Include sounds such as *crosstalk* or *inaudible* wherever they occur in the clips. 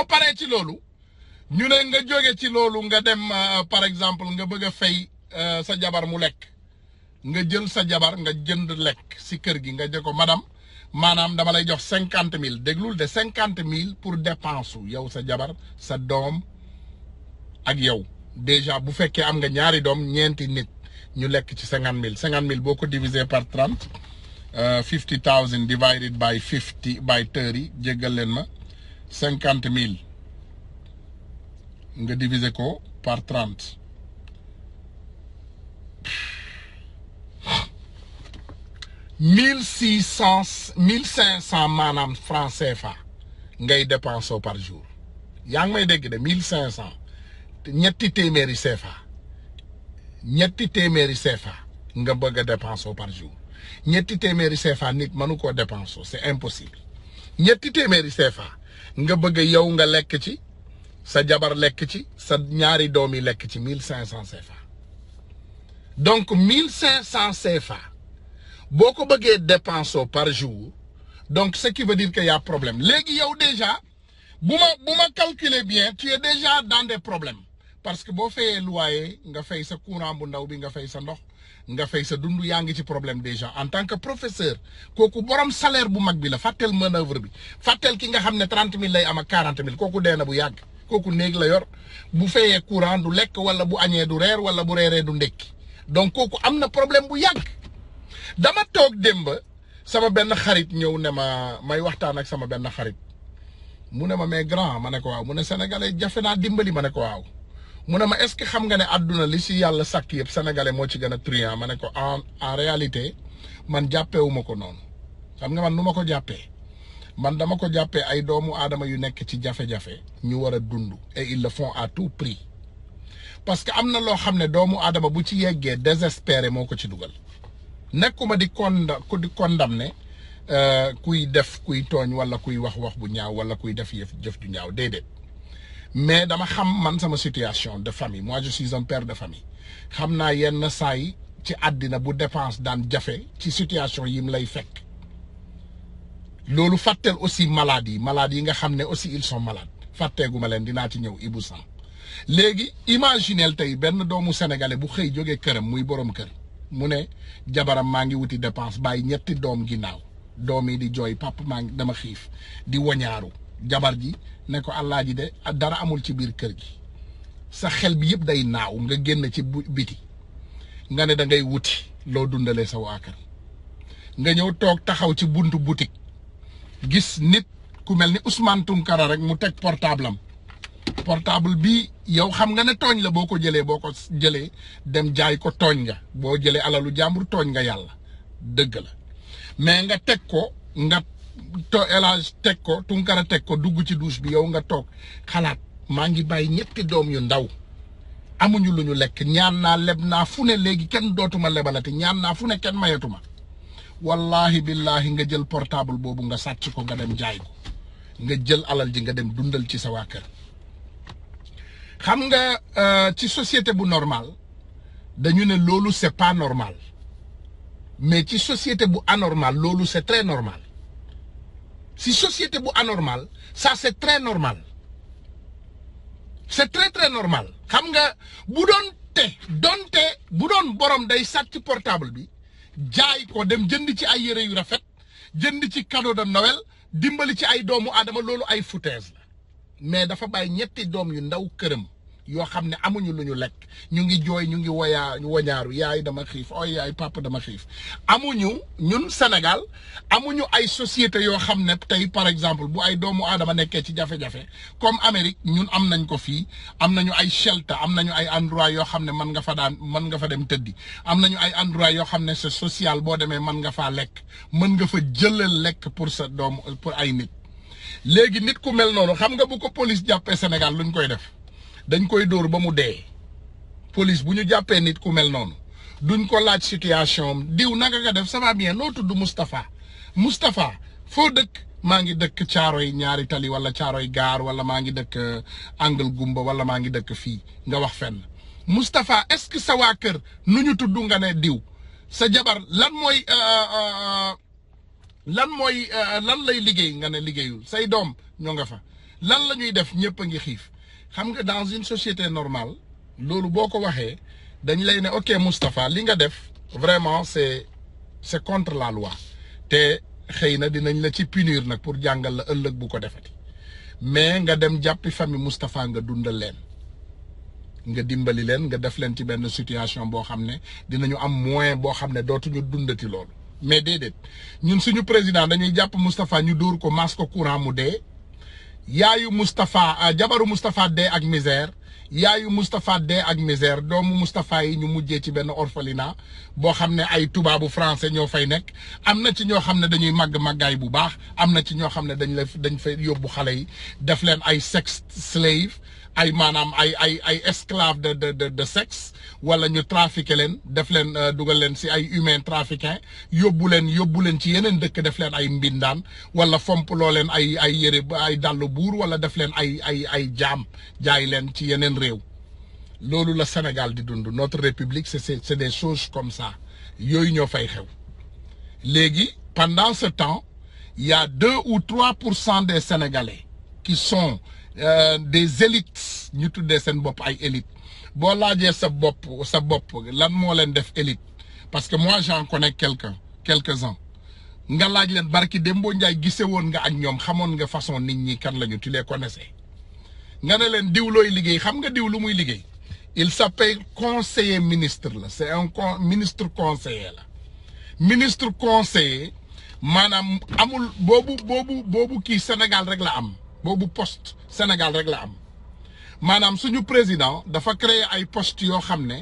ba paree ci loolu ñu ne nga jóge ci loolu nga dem euh, par exemple nga bëgg a fay euh, sa jabar mu lekk nga jël sa jabar nga jënd lekk si kër gi nga jël ko madame maanaam dama lay jox cinquante mille déglul de cinquante mille pour dépense su yow sa jabar sa doom ak yow déjà bu fekkee am nga ñaari doom ñeenti nit ñu lekk ci cinquante mille cinquante mille boo ko diviser par trente euh, fifty thousand divided by fifty by thirty jéggal leen ma. 50 000. nga diviser ko par 30. 1600 1500 1500 mille cinq Nga dépensé par jour Yang may de mille cinq CFA CFA nga dépensé par jour CFA nit dépensé c'est impossible CFA nga bëgg yow nga lekk ci sa jabar lekk ci sa ñaari doom yi lekk ci 1500 CFA donc 1500 CFA boo ko bëggee par jour donc ce qui veut dire que y a problème léegi yow déjà bu ma bu ma calculer bien tu es déjà dans des problèmes parce que boo fayee loyer nga fay sa courant bu ndaw bi nga fay sa ndox nga fay sa dundu yaa ngi ci problème déjà en tant que professeur koku borom salaire bu mag bi la fatel manœuvre bi fatel ki nga xamné 30000 lay am ak 40000 koku déna bu yag koku néeg la yor bu fayé courant du lek wala bu agné du rer wala bu réré du ndek donc koku amna problème bu yag dama tok demba sama ben xarit ñew ne ma may waxtaan ak sama ben xarit mu ne ma mais grand mané ko waaw mu ne sénégalais jafé na dimbali mané ko waaw mu ne ma est-ce que xam nga ne àdduna li si yàlla sàkk yëpp sénégalais moo ci gën a truand ma ne ko en en réalité man jàppewuma ko noonu xam nga man nu ma ko jàppee man dama ko jàppee ay doomu aadama yu nekk ci jafe-jafe ñu war a dund et ils le à tout prix parce que am na loo xam ne doomu aadama bu ci yeggee désespéré moo ko ci dugal nekkuma di conda ku di condamné euh, kuy def kuy tooñ wala kuy wax wax bu ñaaw wala kuy def yëf jëf ju ñaaw déedéet mais dama xam man sama situation de famille moi je si un père de famille xam naa yenn saay ci àddina bu dépense daan jafe ci situation yim lay fekk loolu fàtteel aussi malades yi malades yi nga xam ne aussi ils sont malades fàtteegu leen dinaa ci ñëw Ibou San léegi imaginel tey benn doomu sénégalais bu xëy jógee këram muy borom kër mu ne jabaram maa ngi wuti dépense bàyyi ñetti doom ginnaaw doom yi di jooy papa maa ngi dama xiif di wañaaru jabar ji ne ko allah ji de dara amul ci bir keur gi sa xel bi yeb day naaw nga genn ci biti nga ne da ngay wuti lo dundale sa waakar. nga ñew tok taxaw ci buntu boutique gis nit ku melni ni Ousmane tunkara rek mu tek portable am portable bi yow xam nga ne togn la boko jele boko jele dem jaay ko togn nga bo jele alalu jambur togn nga yalla deug la mais nga tek ko nga to elage teg ko tunkara teg ko dugg ci duus bi yow nga toog xalaat maa ngi bàyyi ñetti doom yu ndaw amuñu lu ñu lekk ñaan naa leb naa fu ne léegi kenn dootuma lebalati ñaan naa fu ne kenn mayatuma wallahi billahi nga jël portable boobu nga sàcc ko nga dem jaay ko nga jël alal ji nga dem dundal ci sa waa kër xam nga euh, ci société bu normal dañu ne loolu c'est pas normal mais ci société bu anormal loolu c'est très normal si société bu anormal ça c'est très normal c'est très très normal xam nga bu doon te donte bu doon borom day sàcc portable bi jaay ko dem jënd ci ay yére yu rafet jënd ci cadeau de Noël dimbali ci ay doomu aadama loolu ay foutaise la mais dafa bàyyi ñetti doom yu ndaw këram yoo xam ne amuñu lu ñu lekk ñu ngi jooy ñu ngi woyaa woñaaru yaay dama xiif ooy oh yaay papa dama xiif amuñu ñun Sénégal amuñu ay société yoo xam ne tey par exemple bu ay doomu aadama nekkee ci jafe-jafe comme Amérique ñun am nañ ko fii am nañu ay shelter am nañu ay endroit yoo xam ne mën nga fa daan mën nga fa dem tëddi am nañu ay endroit yoo xam ne c'est sociale boo demee mën nga faa lekk mën nga fa jëlal lekk pour sa doom pour ay nit léegi nit ku mel noonu xam nga bu ko police jàppee Sénégal luñ koy def dañ koy door ba mu dé police buñu jappé nit ku mel non duñ ko laaj situation diw naka nga def ça va bien no tuddu mustafa mustafa fo dekk maa ngi ñaari tali wala Caaroy gar wala mangi ngi dëkk eh, Angle Gumba wala mangi ngi dëkk fii nga wax fenn mustafa est-ce que sa wa keur nuñu tuddu nga né diw sa jabar lan euh, lan moy eh, lan lay liggéey nga né liggéeyul say dom ñonga fa lan lañuy def ñepp nga xif xam nga dans une société normale loolu boo ko waxee dañ lay ne ok Moustapha li nga def vraiment c'est c'est contre la loi te xëy na dinañ la ci punir nag pour jàngal la ëllëg bu ko defati mais nga dem jàppi famille Moustapha nga dundal leen nga dimbali leen nga def leen ci benn situation boo xam ne dinañu am moyen boo xam ne dootuñu dundati loolu mais déedéet ñun suñu président dañuy jàpp Moustapha ñu dóor ko masque courant mu dee yaayu Moustapha euh, jabaru Moustapha dee ak misère yaayu Moustapha dee ak misère doomu Moustapha yi ñu mujjee ci benn orphelinat boo xam ne ay tubaabu français ñoo fay nekk am na ci ñoo xam ne dañuy màgg màggaay bu baax am na ci ñoo xam ne dañ la dañ fay yóbbu xale yi def leen ay sex slave ay maanaam ay ay ay esclave de de de de sexe wala ñu trafiquer len def len euh, dugal len ci ay humain trafiquant yobul len yobul len ci yenen dekk def len ay mbindan wala fomp lo len ay ay yére ay dàllu bour wala def len ay ay ay jam jaay len ci yenen rew loolu la Sénégal di dund notre république c'est c'est des choses comme ça yoy ñoo fay xew Legi, pendant ce temps il y a deux ou trois pour cent des Sénégalais qui sont euh, des élites ñu tuddee sen bop ay élites Bo laajee sa bop, sa bop, lan def élite parce que moi j'en connais quelqu'un quelques-uns nga la leen barki Dembo Ndiaye gise won nga ak ñoom xamoon nga façon nit ñi kan lañu tu les connaissais nga ne len diw looy liggéey xam nga diw muy il s'appelle conseiller ministre la c'est un con ministre conseiller la ministre conseiller manam amul bobu bobu bobu ki Sénégal rek la am Bobu poste Sénégal rek la am maanaam suñu président dafa créer ay poste yoo xam ne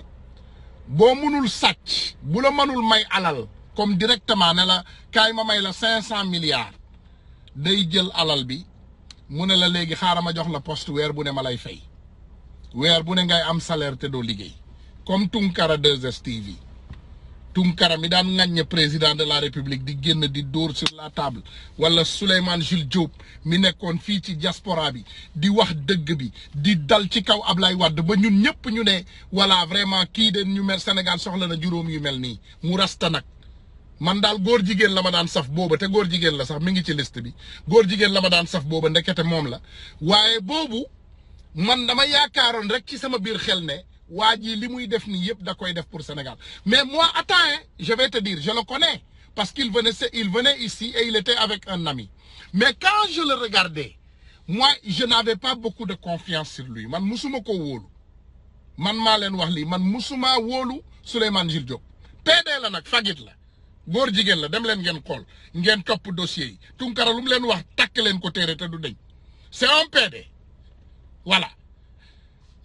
boo mënul sàcc bu la mënul may alal comme directement ne la kaay ma may la cinq cent milliards day jël alal bi mu ne la léegi xaaral ma jox la poste weer bu ne ma lay fay weer bu ne ngay am salaire te doo liggéey comme Tunkara 2STV Tunkara mi daan ŋàññe président de la république di génn di dóor sur la table wala Souleymane Jules Diop mi nekkoon fii ci diaspora bi di wax dëgg bi di dal ci kaw ab Ablaye wadd ba ñun ñëpp ñu ne voilà vraiment kii de ñu mel Sénégal soxla na juróom yu mel nii mu rasta nag man daal góor jigéen la ma daan saf boobu te góor jigéen la sax mi ngi ci liste bi góor jigéen la ma daan saf booba ndekete moom la waaye boobu man dama yaakaaroon rek ci sama biir xel ne waa limuy def ni yëpp da koy def pour Sénégal mais moi attends hein, je vais te dire je le connais parce qu'il venait il venait ici et il était avec un ami mais quand je le regardais moi je n'avais pas beaucoup de confiance sur lui man musuma ko wolu. man malen leen wax li, man musuma wolu Souleymane Jules Diop PD la nak fagit la góor jigéen la dem len ngeen kol, ngeen top dossier yi Tunkara len wax tak len ko téré te du deñ c'est un PD voilà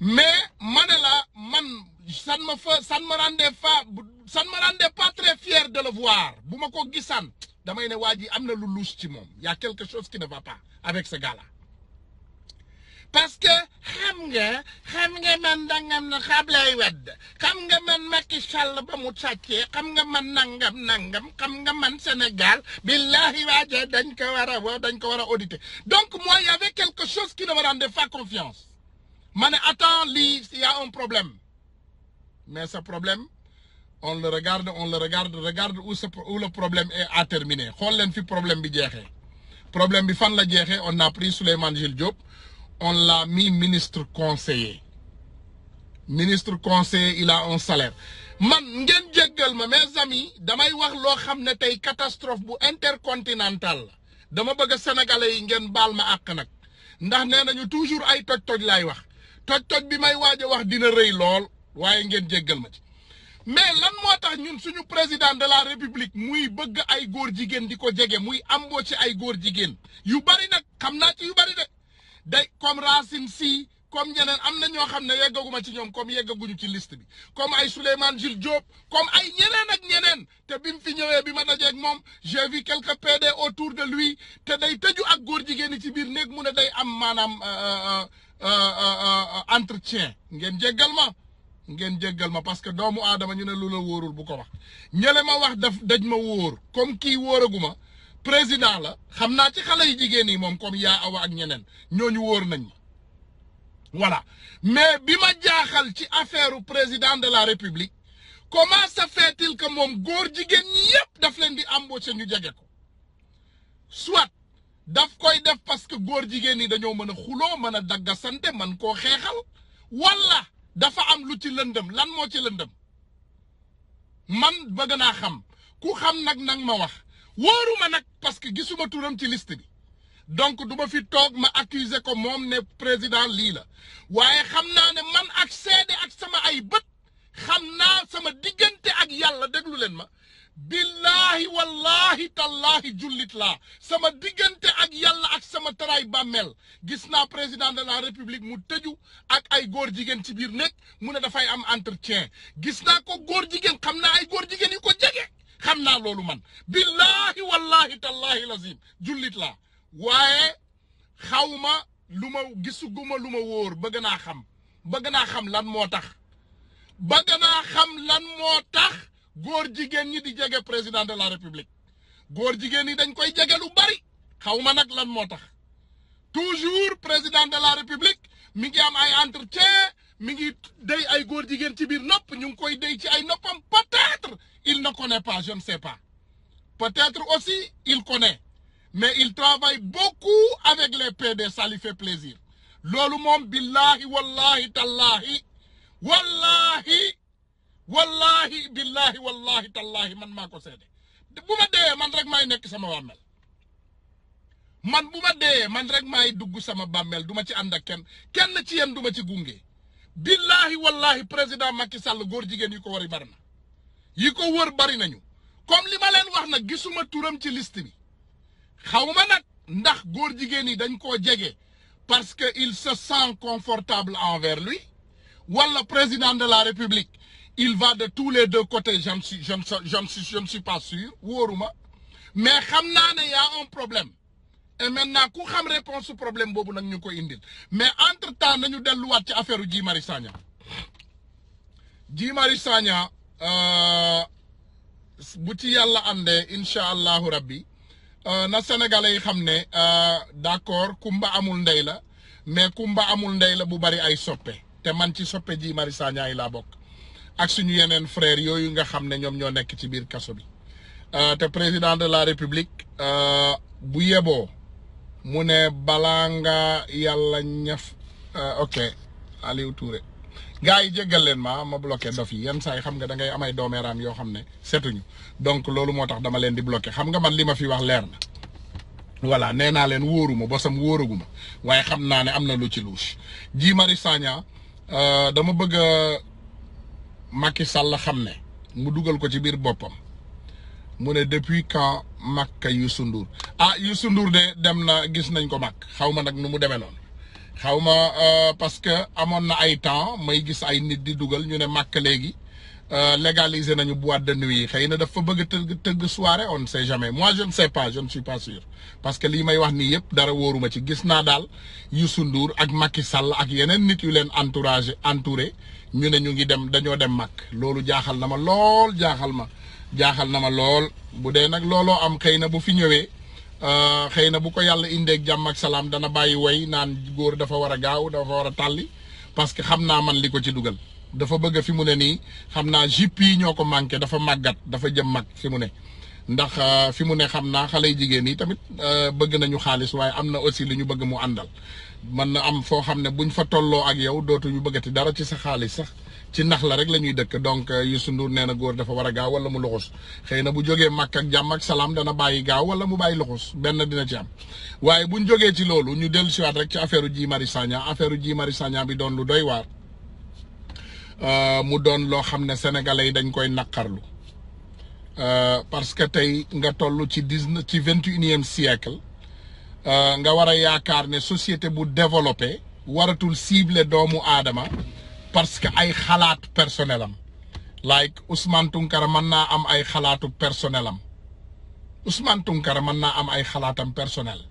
mais Manela, man ça ne me fait, ça ne me rendait pas ça ne me rendait pas très fier de le voir Boumako Gissan, ko damay ne wadi, ji lu louche ci Il y a quelque chose qui ne va pas avec ce gars là parce que xam nga xam nga man dangam na xaab lay wedd xam nga man Macky Sall ba mu sàccee xam nga man nangam nangam xam nga man Sénégal billahi waajee dañ ko war a dañ ko auditer donc moi il y avait quelque chose qui ne me rendait pas confiance Mané, dis, attends il y a un problème mais ce problème on le regarde on le regarde regarde où ce où le problème est à terminer xool fi problème bi Le problème bi fan la jeexee on a pris Souleymane Gil Diop on l'a mis ministre conseiller ministre conseiller il a un salaire man vous jéggal ma mes amis damay wax lo xam tay catastrophe bu intercontinental. dama bëgg sénégalais yi ngeen bal ma ak nak ndax toujours ay toj-toj lay wax toj-toj bi may waaj a wax dina rëy lool waaye ngeen jéggal ma ci mais lan moo tax ñun suñu président de la république muy bëgg ay góor jigéen di ko jege muy amboo ci ay góor jigéen yu bari nag xam naa ci yu bari de day comme Racine Sy comme ñeneen am ño xamne yeggaguma ci ñom comme yeggaguñu ci liste bi comme ay Souleymane Gil Diop comme ay ñeneen ak ñeneen te bimu fi ñëwé bima dajé ak mom j'ai vu quelques PD autour de lui te day teju ak góor jigéen ci bir nek mu day am maanaam euh, euh, euh, entretien ngeen jéggal ma ngeen jéggal ma parce que doomu adama ñu ne lu la bu ko wax ñële ma wax daf daj ma wor comme ki woraguma président la xamna ci xalé yi jigéen yi comme ya awa ak ñeneen ñoñu wor nañ ma voilà mais bima ma jaaxal ci affaire président de la république comment ça fait-il que moom góor jigéen ñi yépp daf leen di embaucher ñu jege ko soit daf koy def parce que góor jigéen dañoo a xuloo mën a man koo xeexal wala dafa am lu ci lëndëm lan moo ci lëndëm man bëgg ham, xam ku xam nag nag ma wax wóoruma parce que gisuma turam ci liste bi donc du ma fi toog ma accuser ko moom ne président lii la waaye xam naa ne man ak seede ak sama ay bët xam naa sama diggante ak yàlla déglu leen ma billaahi wallaahi tallaahi jullit la sama diggante ak yàlla ak sama taraay bàmmeel gis naa président de la république mu tëju ak ay góor jigéen ci biir nekk mu ne dafay am entretien gis naa ko góor jigéen xam naa ay góor jigéen yu ko jege xam naa loolu man billaahi wallaahi tallaahi lazim jullit laa waye xawma luma gisuguma luma wor beug na xam beug na xam lan motax beug na xam lan motax gor jigen ni di jégué président de la république gor jigen ni dañ koy jégué lu bari xawma nak lan motax toujours président de la république mi ngi am ay entretien mi ngi dey ay gor jigen ci bir nop ñu koy dey ci ay nopam peut-être il ne connaît pas je ne sais pas peut-être aussi il connaît mais il travaille beaucoup avec les PD ça lui fait plaisir loolu moom billahi wallahi tallahi wallahi wallahi billahi wallahi tallahi man maa ko seede bu ma dee man rek maay nekk sama bàmmeel man bu ma dee man rek maay dugg sama bàmmeel du ma ci ànd ak kenn kenn ci yéen du ma ci gunge billahi wallahi président Macky Sall góor jigéen yi ko war wari bari na yi ko wër bari nañu comme li ma leen wax nag gisuma turam ci list bi parce qu'il se sent confortable envers lui Ou le président de la république il va de tous les deux côtés je ne suis pas sûr mais il y a un problème et maintenant ku xam réponse ce problème mais entre temps nous avons ci affaire Guy Marius Sagna Guy Marius Sagna euh, bu rabbi Euh, na sénégalais yi xam ne euh, d'accord kumba amul ndey la mais kumba amul ndey la bu bari ay soppe te man ci soppe ji Mari Sagna yi laa bokk ak suñu yeneen frer yooyu nga xam ne ñoom ñoo nekk ci biir kaso bi euh, te président de la république bu yeboo mu ne bala nga yàlla ñaf ok Aliou Touré gaay jéggal leen ma ma bloqué dof yi yeen say xam nga da ngay am ay doomeeraam yo xamné ne donc lolu motax dama leen di bloqué xam nga man lima fi wax leer na voilà néna naa leen wóoruma bosam wóoraguma guma. xam na né amna na lu ci louche Guy Marius euh dama bëgg Macky Sall xamné ne mu duggal ko ci bir bopam mu né depuis quand Makka Youssou Ndour ah Youssou Ndour de dem na gis nañ ko mak xawma nak nu mu xaw ma euh, parce que amoon na ay temps may gis ay nit di dugal ñu ne màkk léegi euh, légaliser nañu bu de nuit yi xëy na dafa bëgg tëgg tëgg soirée on ne sait jamais moi je ne sais pas je ne suis pas sûr parce que lii may wax nii yëpp dara wóoruma ci gis naa daal Youssou Ndour ak Macky sàll ak yeneen nit yu leen entourage entouré ñu ne ñu ngi dem dañoo dem màkk loolu jaaxal na ma lool jaaxal ma jaaxal na ma lool bu dee nag looloo am xëy na bu fi ñëwee Euh, xëy na bu ko yàlla indeeg jàmm ak salaam dana bàyyi way naan góor dafa war a gaaw dafa war a tàlli parce que xam naa man li ko ci dugal dafa bëgg fi mu ne nii xam naa jupe yi ñoo ko manqué dafa màggat dafa jëm mag fi mu ne ndax euh, fi mu ne xam naa xale yu jigéen yi tamit euh, bëgg nañu xaalis waaye am na aussi lu ñu bëgg mu àndal mën na am foo xam ne buñ fa tolloo ak yow dootuñu bëggati dara ci sa xaalis sax ci nax la rek la ñuy dëkk donc euh, Youssou Ndour nee na góor dafa war a gaaw wala mu luxus xëy na bu jógee màkk ak jàmm ak salaam dana bàyyi gaaw wala mu bàyyi luxus benn dina ci am waaye buñ jógee ci loolu ñu dellu siwaat rek ci affaire Guy Marius Sagna jii Guy bi doon lu doy waar euh, mu doon loo xam ne sénégalais yi dañ koy naqarlu euh, parce que tey nga toll ci dix ci vingt et unième siècle nga war a yaakaar ne société bu développé waratul ciblé doomu aadama parce que ay xalaat personnelam like Ousmane Tounkara man naa am ay xalaatu personnelam Ousmane Tounkara man naa am ay xalaatam personnel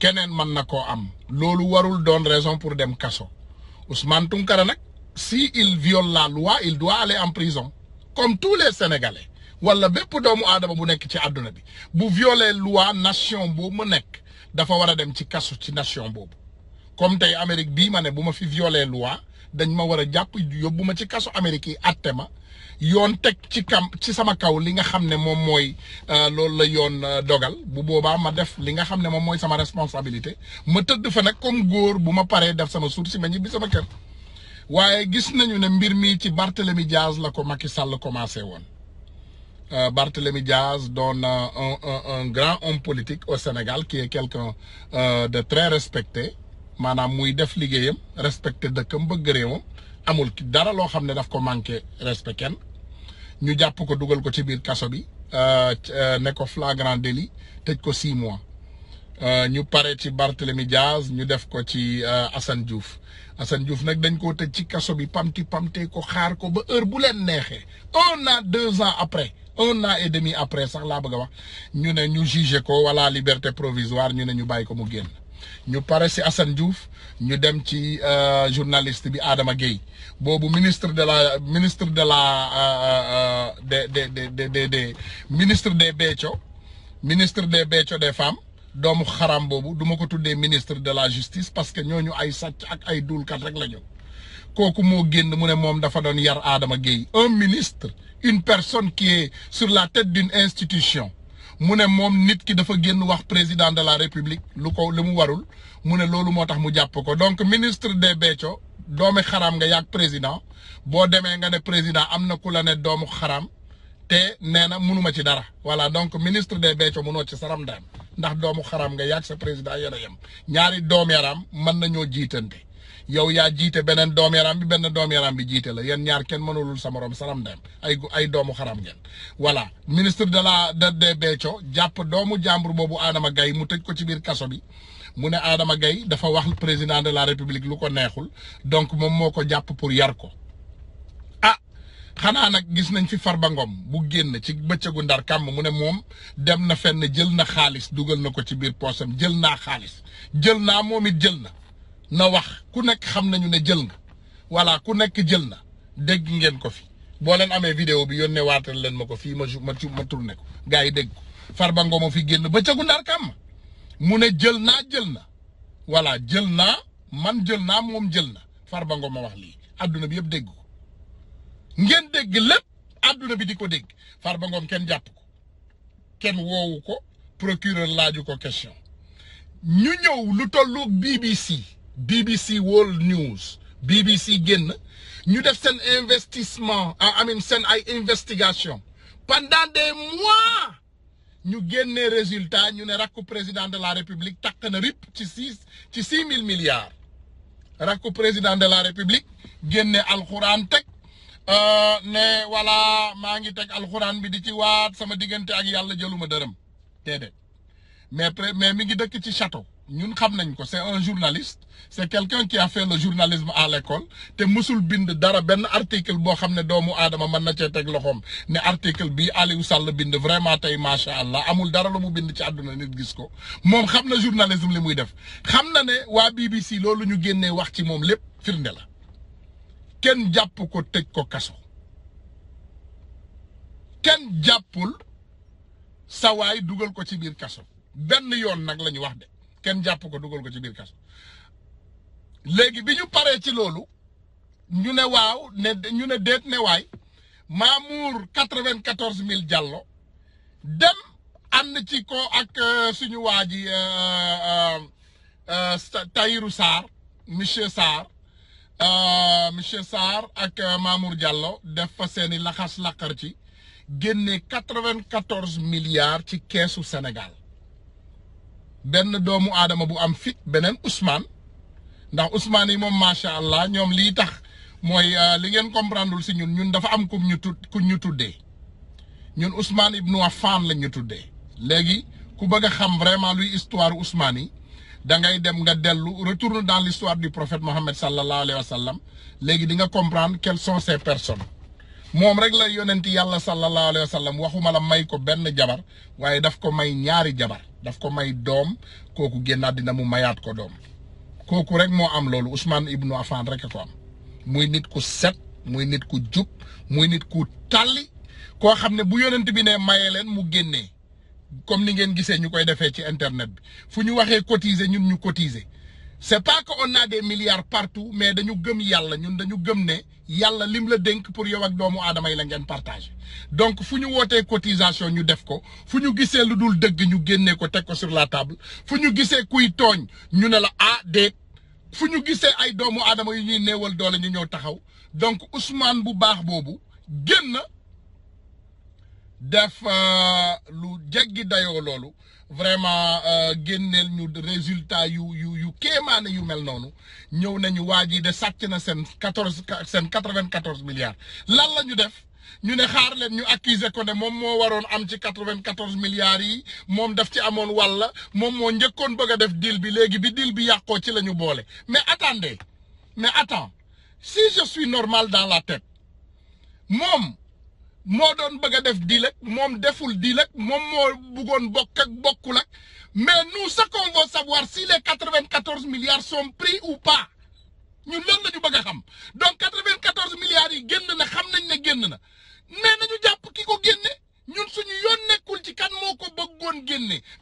keneen man na koo am loolu warul doon raison pour dem kaso Ousmane Tounkara nag si il viole la loi il doit aller en prison comme tous les Sénégalais wala bépp doomu aadama bu nekk ci àdduna bi bu violer loi nation boobu mu nekk dafa war a dem ci kaso ci nation boobu comme tey Amérique bii ma ne bu ma fi violer loi dañ ma war a jàpp ci kaso Amérique yi atte ma yoon teg ci kam ci sama kaw li nga xam ne moom mooy euh, loolu la yoon euh, dogal bu boobaa ma def li nga xam ne moom mooy sama responsabilité ma tëdd fa nag comme góor bu ma paree def sama suuf si ma ñibbi sama kër waaye gis nañu ne mbir mi ci Barthélemy Diaz la ko Macky Sall commencé woon euh, Barthélemy Diaz doon un un un grand homme politique au Sénégal qui est quelqu'un de très respecté maanaam muy def liggéeyam respecté dëkkam bëgg réewam amul ki dara loo xam ne daf ko manqué respect kenn ñu jàpp ko dugal ko ci biir kaso bi euh, euh, ne ko flagrant délit tëj ko six mois euh, ñu pare ci Barthélemy Diaz ñu def ko ci Assane Diouf Assane Diouf nag dañ koo tëj ci kaso bi pamti pamte ko xaar ko ba heure bu leen neexee un an deux ans après un an et demi après sax laa bëgg wax ñu ne ñu jugé ko wala liberté provisoire ñu ne ñu bàyyi ko mu génn ñu pare si Assane Diouf ñu dem ci euh, journaliste bi aadama Gueye boobu ministre de la ministre de la de de de de de ministre des Béthio ministre des Béthio des femmes doomu xaram boobu du ma ko tuddee ministre de la justice parce que ñooñu ay sàcc ak ay duulkat rek la ñu kooku moo génn mu ne moom dafa doon yar aadama Gueye un ministre une personne qui est sur la tête d'une institution mu ne moom nit ki dafa génn wax président de la république lu ko lu mu warul mu ne loolu moo tax mu jàpp ko donc ministre de Béthio doomi xaraam nga yàgg président boo demee nga ne président am na ku la ne doomu xaram te nee na mënuma ci dara voilà donc ministre de Béthio mënoo ci saram daan ndax doomu xaram nga yàgg sa président yéen a yem ñaari doom yaram mën nañoo jiitante yow yaa jiite beneen doom yaram bi benn doom yaram bi jiite la yéen ñaar kenn mënulul sa morom saram dem ay ay doomu xaram ngeen voilà ministre de la de de jàpp doomu jàmbur boobu Adama Gaye mu tëj ko ci biir kaso bi mu ne Adama Gaye dafa wax président de la république lu ko neexul donc moom moo ko jàpp pour yar ko ah xanaa nag gis nañ fi ba Ngom bu génn ci bëccëgu ndar kàmm mu ne moom dem na fenn jël na xaalis dugal na ko ci biir poosam jël naa xaalis jël naa moom it jël na na wax ku nekk xam nañu ne jël na voilà ku nekk jël na dégg ngeen ko fi boo leen amee video bi yónnee waatal leen ma ko fii ma ma ma tourné ko gars yi dégg ko Farba Ngom a fi génn ba cëgu ndar kàmm mu ne jël naa jël na voilà jël naa man jël naa moom jël na Farba Ngom a wax lii àdduna bi yëpp dégg ko ngeen dégg lépp adduna bi di ko dégg Farba Ngom kenn jàpp ko kenn woowu ko procureur laaju ko question ñu ñëw lu tollu BBC BBC World News BBC génn ñu def seen investissement ah, I mean seen ay investigation pendant des mois ñu génnee résultat ñu ne rakku président de la république takk na rip ci six ci six mille milliards rakku président de la république génne alxuraan teg euh, ne wala maa ngi teg alxuraan bi di ci waat sama diggante ak yàlla jëluma dërëm déedéet mais mais mi ngi dëkk ci château ñun xam nañ ko c'est un journaliste c'est quelqu'un qui a fait le journalisme à l'école té musul bind dara ben article bo xam doomu adama man na ci tek loxom ne article bi Aliou Sall bind vraiment tay macha allah amul dara lu mu bind ci aduna nit gis ko mom xamna journalisme li muy def xamna né wa BBC lolu ñu génnee wax ci mom lépp firnde la Ken japp ko tej ko kaso kenn jàppul sawaay duggal ko ci biir kaso Ben yon nak la wax de kenn jàpp ko dugal ko ci biir kaso léegi bi ñu paree ci loolu ñu ne waaw ne ñu ne déet ne waay Mamour quatre-vingt-quatorze mille Diallo dem ànd ci ko ak euh, suñu waa ji euh, euh, Tahirou Sarr monsieur Sarr monsieur Sarr ak Mamour jàllo def fa seeni laxas laqar ci génne quatre-vingt-quatorze milliards ci keesu Sénégal ben doomu adama bu am fit benen Usman, ndax Ousmane yi moom allah ñom li tax moy euh, li ngeen comprendreul si ñun ñun dafa am ku ñu tud ku ñu tuddee ñun Ousmane Ibn Affan la ñu tuddee. léegi ku bëgg xam vraiment luy histoire Ousmane yi da ngay dem nga delu retourne dans l'histoire du prophète Mohammed sallallahu alayhi Wasallam, legi di nga comprendre quelles sont ces personnes. moom rek lay yonent yàlla sallallahu alayhi wa waxuma la may ko benn jabar waaye daf ko may ñaari jabar daf ko may doom kooku génnaat dina mu mayaat ko doom kooku rek moo am loolu Ousmane Ibnu Affan rek ko am muy nit ku set muy nit ku jub muy nit ku tàlli koo xam ne bu yonent bi ne mayee leen mu génnee comme ni ngeen gisee ñu koy defee ci internet bi fu ñu waxee cotiser ñun ñu cotiser c'est pas que on a des milliards partout mais dañu gëm yàlla ñun dañu gëm ne yàlla lim la dénk pour yow ak doomu aadama yi la ngeen partage donc fu ñu wootee cotisation ñu def ko fu ñu gisee lu dul dëgg ñu génnee ko teg ko sur la table fu ñu gisee kuy tooñ ñu ne la ah déet fu ñu gisee ay doomu aadama yu ñuy néewal doole ñu ñëw taxaw donc Ousmane bu baax boobu génn def euh, lu jéggi dayoo loolu vraiment euh, génneel ñu résultat yu yu yu kéemaane yu mel noonu ñëw nañu waa ji de sàcc na seen quatorze seen quatre-vingt-quatorze milliards lan la ñu def ñu ne xaar leen ñu accuser ko ne moom moo waroon am ci quatre-vingt-quatorze milliards yi moom daf ci amoon walla moom moo njëkkoon bëgg def deal bi léegi bi deal bi yàqoo ci la ñu boole mais attendez mais attends si je suis normal dans la tête moom moo doon def dilek mom deful diil mom mo moo bok ak mais nous ce qu'on veut savoir si les 94 milliards sont pris ou pas ñu loolu lañu xam donc 94 milliards yi genn na xam nañ ne genn na mais nañu japp kiko genné nous ñun suñu yoon nekkul ci kan moko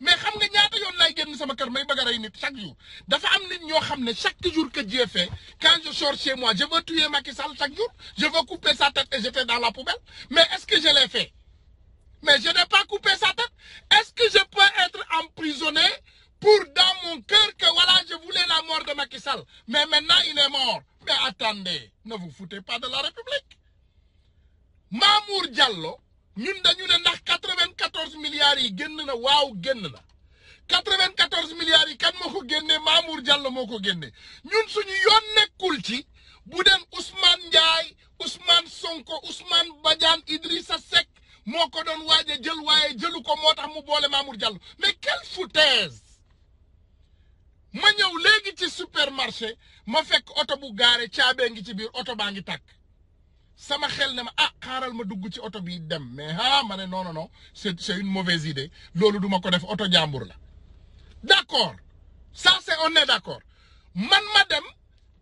mais xam nga ñaata sama chaque jour chaque jour que Dieu fait quand je sors chez moi je veux tuer Makissal chaque jour je veux couper sa tête et jeter dans la poubelle mais est-ce que je l'ai fait mais je n'ai pas coupé sa tête est-ce que je peux être emprisonné pour dans mon cœur que voilà je voulais la mort de Makissal mais maintenant il est mort mais attendez ne vous foutez pas de la République Mamour Diallo ñun dañu ne ndax quatre-vingt-quatorze milliards yi génn na waaw génn na quatre-vingt-quatorze milliards yi kan moo ko génnee Mamour Diallo moo ko génnee ñun suñu yoon nekkul ci bu den Ousmane Ndiaye Ousmane Sonko Ousmane Badiane Idrissa Seck moo ko doon waaj a jël waaye jëlu ko moo tax mu boole Mamour Diallo mais quelle foutaise ma ñëw léegi ci supermarché ma fekk oto bu gaare caabee ngi ci biir oto baa ngi tàkk sama xel ne ma ah xaaral ma dugg ci oto bi dem mais ha ah, ma ne non non non c'est c'est une mauvaise idée loolu duma ko def oto jàmbur la d'accord ça c'est on est d'accord man ma dem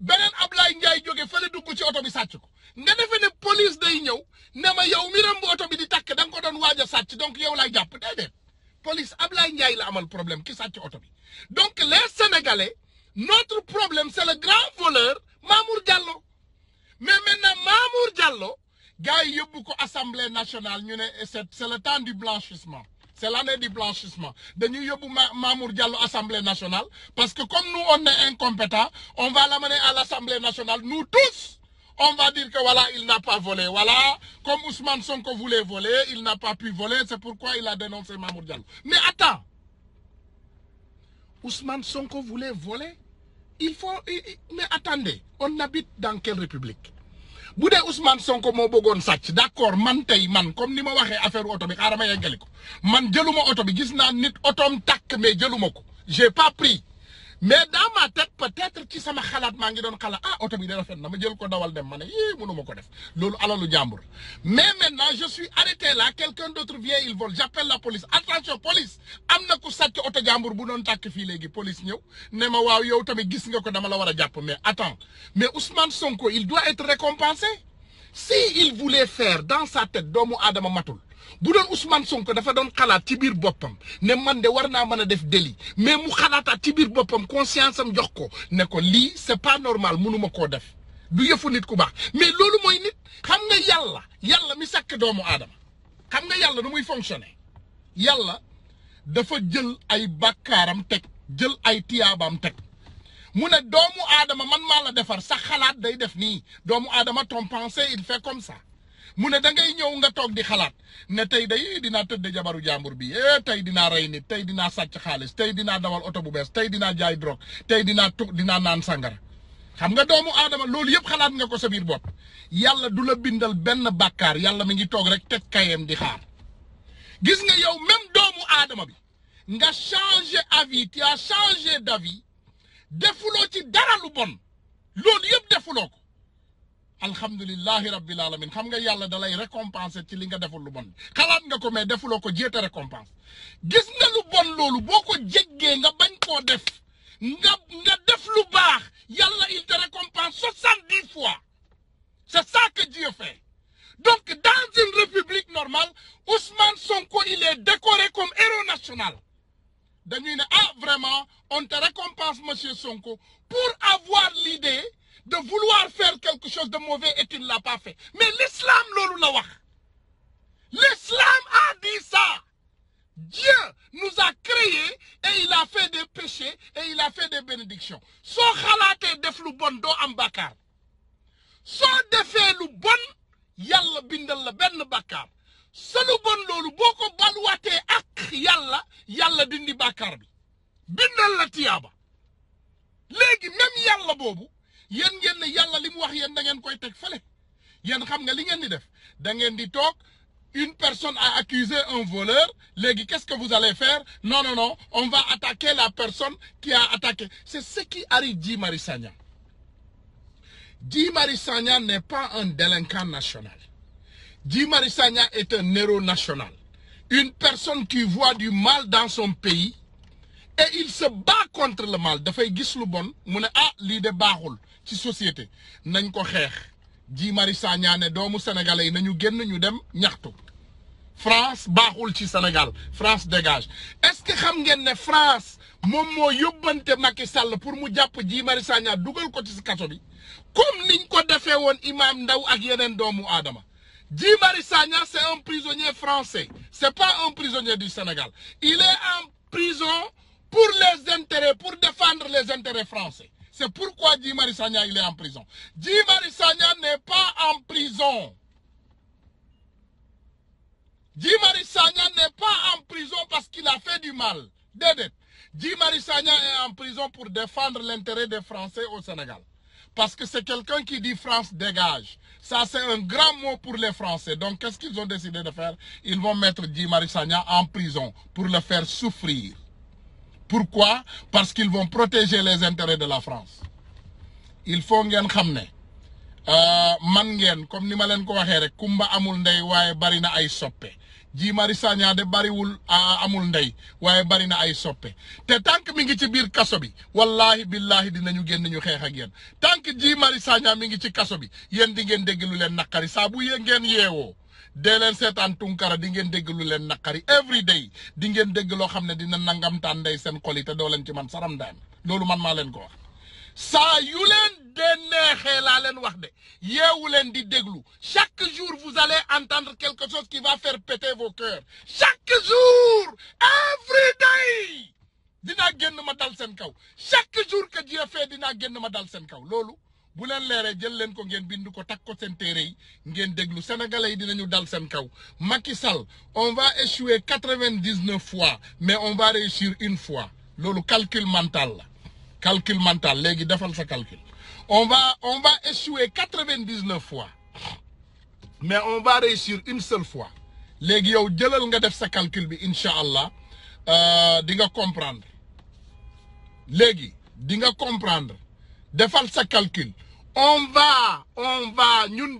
beneen Ablaye Ndiaye jóge fële dugg ci oto bi sàcc ko nga defee ne police day ñëw ne ma yow mi rëmb oto bi di takk da nga ko doon waaj a sàcc donc yow lay jàpp déedéet police Ablaye Ndiaye la amal problème ki sàcc oto bi donc les Sénégalais notre problème c'est le grand voleur Mamour Diallo mais maintenant Mamour Diallo gars assemblée nationale c'est le temps du blanchissement C'est l'année du blanchissement de Mamour Diallo assemblée nationale parce que comme nous on est incompétents, on va l'amener à l'Assemblée nationale nous tous on va dire que voilà il n'a pas volé voilà comme Ousmane Sonko voulait voler il n'a pas pu voler c'est pourquoi il a dénoncé Mamour Diallo mais attends Ousmane Sonko voulait voler il faut mais attendez on habite dans quelle république bu dee Ousmane Sonko moo bëggoon sàcc d'accord man tey man comme ni ma waxee affaire oto bi xaaral ma yeggali ko man jëluma oto bi gis naa nit otoom takk mais jëluma ko j'ai pas pris mais dans ma tête peut-être ci sama xalaat maa ngi don xalaat ah auto bi de faire, na ma jël ko dawal dem mané ne yii mënuma ko def loolu alalu jambour mais maintenant je suis arrêté là quelqu'un d'autre vient il vole j'appelle la police attention police amna na ku sàcc oto bu don tak fi légui police ñew ne ma waaw yow tamit gis nga ko dama la wara japp mais attends mais Ousmane Sonko il doit être récompensé si il voulait faire dans sa tête doomu adama matul bu Ousmane Sonko dafa don xalaat ci bir ne man de war def délit mais mu a ci bir bopam conscience am jox ko ne ko c'est pas normal mënuma ko def du yëfu nit ku mais Vous moy nit xam nga yalla yalla mi sak doomu xam nga yalla nu muy fonctionner yalla dafa jël ay bakaram tek jël ay tiyabam tek mu ne doomu adama man maa la defar sa xalaat day def nii doomu ton pensée il fait comme ça mu ne da ngay ñëw nga toog di xalaat ne tey day dinaa tëdd jabaru jàmbur bi eh tey dinaa rey nit tey dinaa sàcc xaalis tey dinaa dawal oto bu bees tey dinaa jaay drogue tey dinaa tu dinaa naan sàngara xam nga doomu aadama loolu yëpp xalaat nga ko sa biir bopp yàlla du la bindal benn bàkkaar yàlla mi ngi toog rek teg kayam di xaar gis nga yow même doomu aadama bi nga changé avis tu as changé d'avis defuloo ci dara lu bon loolu yëpp defuloo ko alhamdulilahi rabbil alamin xam nga yalla dalay récompenser ci li nga deful lu bon xalaat nga ko mais defuloo ko jéete récompense gis nga lu bon lolou boko ko nga bañ ko def nga nga def lu bax yalla il te récompense 70 fois c'est ça que Dieu fait donc dans une république normale Ousmane Sonko il est décoré comme héros national dañuy ne ah vraiment on te récompense monsieur Sonko pour avoir l'idée de vouloir faire quelque chose de mauvais et tu ne l'as pas fait. Mais l'islam, lolu la L'islam a dit ça. Dieu nous a créés et il a fait des péchés et il a fait des bénédictions. sans khalate de lu bon do am bakar. So le bon yalla bindal la ben bakar. So le bon lolu boko balouate ak yalla yalla dindi bakar bi. Bindal la tiaba Légui même yalla bobu Y'en ngeen ne wax y'en da ngeen koy tek yen xam nga li ngeen di def da ngeen di une personne a accusé un voleur qu'est-ce que vous allez faire non non non on va attaquer la personne qui a attaqué c'est ce qui arrive dit Marie Sagna Guy n'est pas un délinquant national Dit Marisanya est un héros national une personne qui voit du mal dans son pays et il se bat contre le mal Il gis lu bon ah de ci société nañ ko xeex ji Mari Sagna doomu sénégalais yi nañu ñu dem ñaxtu France baxul ci Sénégal France dégage est-ce que xam ngeen ne France mom mo yóbbante Macky Sall pour mu japp ji Mari Sagna dugal ko ci kasso bi comme niñ ko defee won Imam Ndaw ak yenen doomu adama Guy Marius c'est un prisonnier français c'est pas un prisonnier du Sénégal il est en prison pour les intérêts pour défendre les intérêts français c'est pourquoi Di Marisanya il est en prison. Di Marisanya n'est pas en prison. Di Marisanya n'est pas en prison parce qu'il a fait du mal. Dédette. Di Marisanya est en prison pour défendre l'intérêt des Français au Sénégal. Parce que c'est quelqu'un qui dit France dégage. Ça, c'est un grand mot pour les Français. Donc, qu'est-ce qu'ils ont décidé de faire Ils vont mettre Di Marisanya en prison pour le faire souffrir. Pourquoi Parce qu'ils vont protéger les intérêts de la France. il faut ngeen xam ne euh, man ngeen comme ni ma ko waxee rek kumba amul ndey waye bari na ay soppe Guy Marius Sagna de bariwul amul ndey waye bari na ay soppe te tànk mi ngi ci bir kasso bi wallahi billahi dinañu genn ñu xeex ak yéen tànk Guy Marius Sagna mi ngi ci kasso bi yéen di ngeen dégg lu len nakari sa bu ngeen yeewoo dee leen seetaan tunkara di ngeen dégg lu leen naqari every day di ngeen dégg loo xam ne dina nangamtaan ndey seen xol te doo leen ci man saram daan loolu man maa leen ko wax saa yu leen de neexee laa leen wax de yeewu leen di déglu chaque jour vous allez entendre quelque chose qui va faire péter vos cœurs chaque jour every day dinaa génn ma dal seen kaw chaque jour que Dieu fait dinaa génn ma dal seen kaw loolu bu leen leeree jël len ko ngeen bind ko tak ko seen téere yi déglu sénégalais dinañu dal sen kaw Macky Sall on va échouer 99 fois mais on va réussir une fois loolu calcul mental la calcul mental légui défal sa calcul on va on va échouer 99 fois mais on va réussir une seule fois légui yow jëlal nga def sa calcul bi inshallah euh di nga comprendre légui di nga comprendre des ce calcul. On va, on va, nous,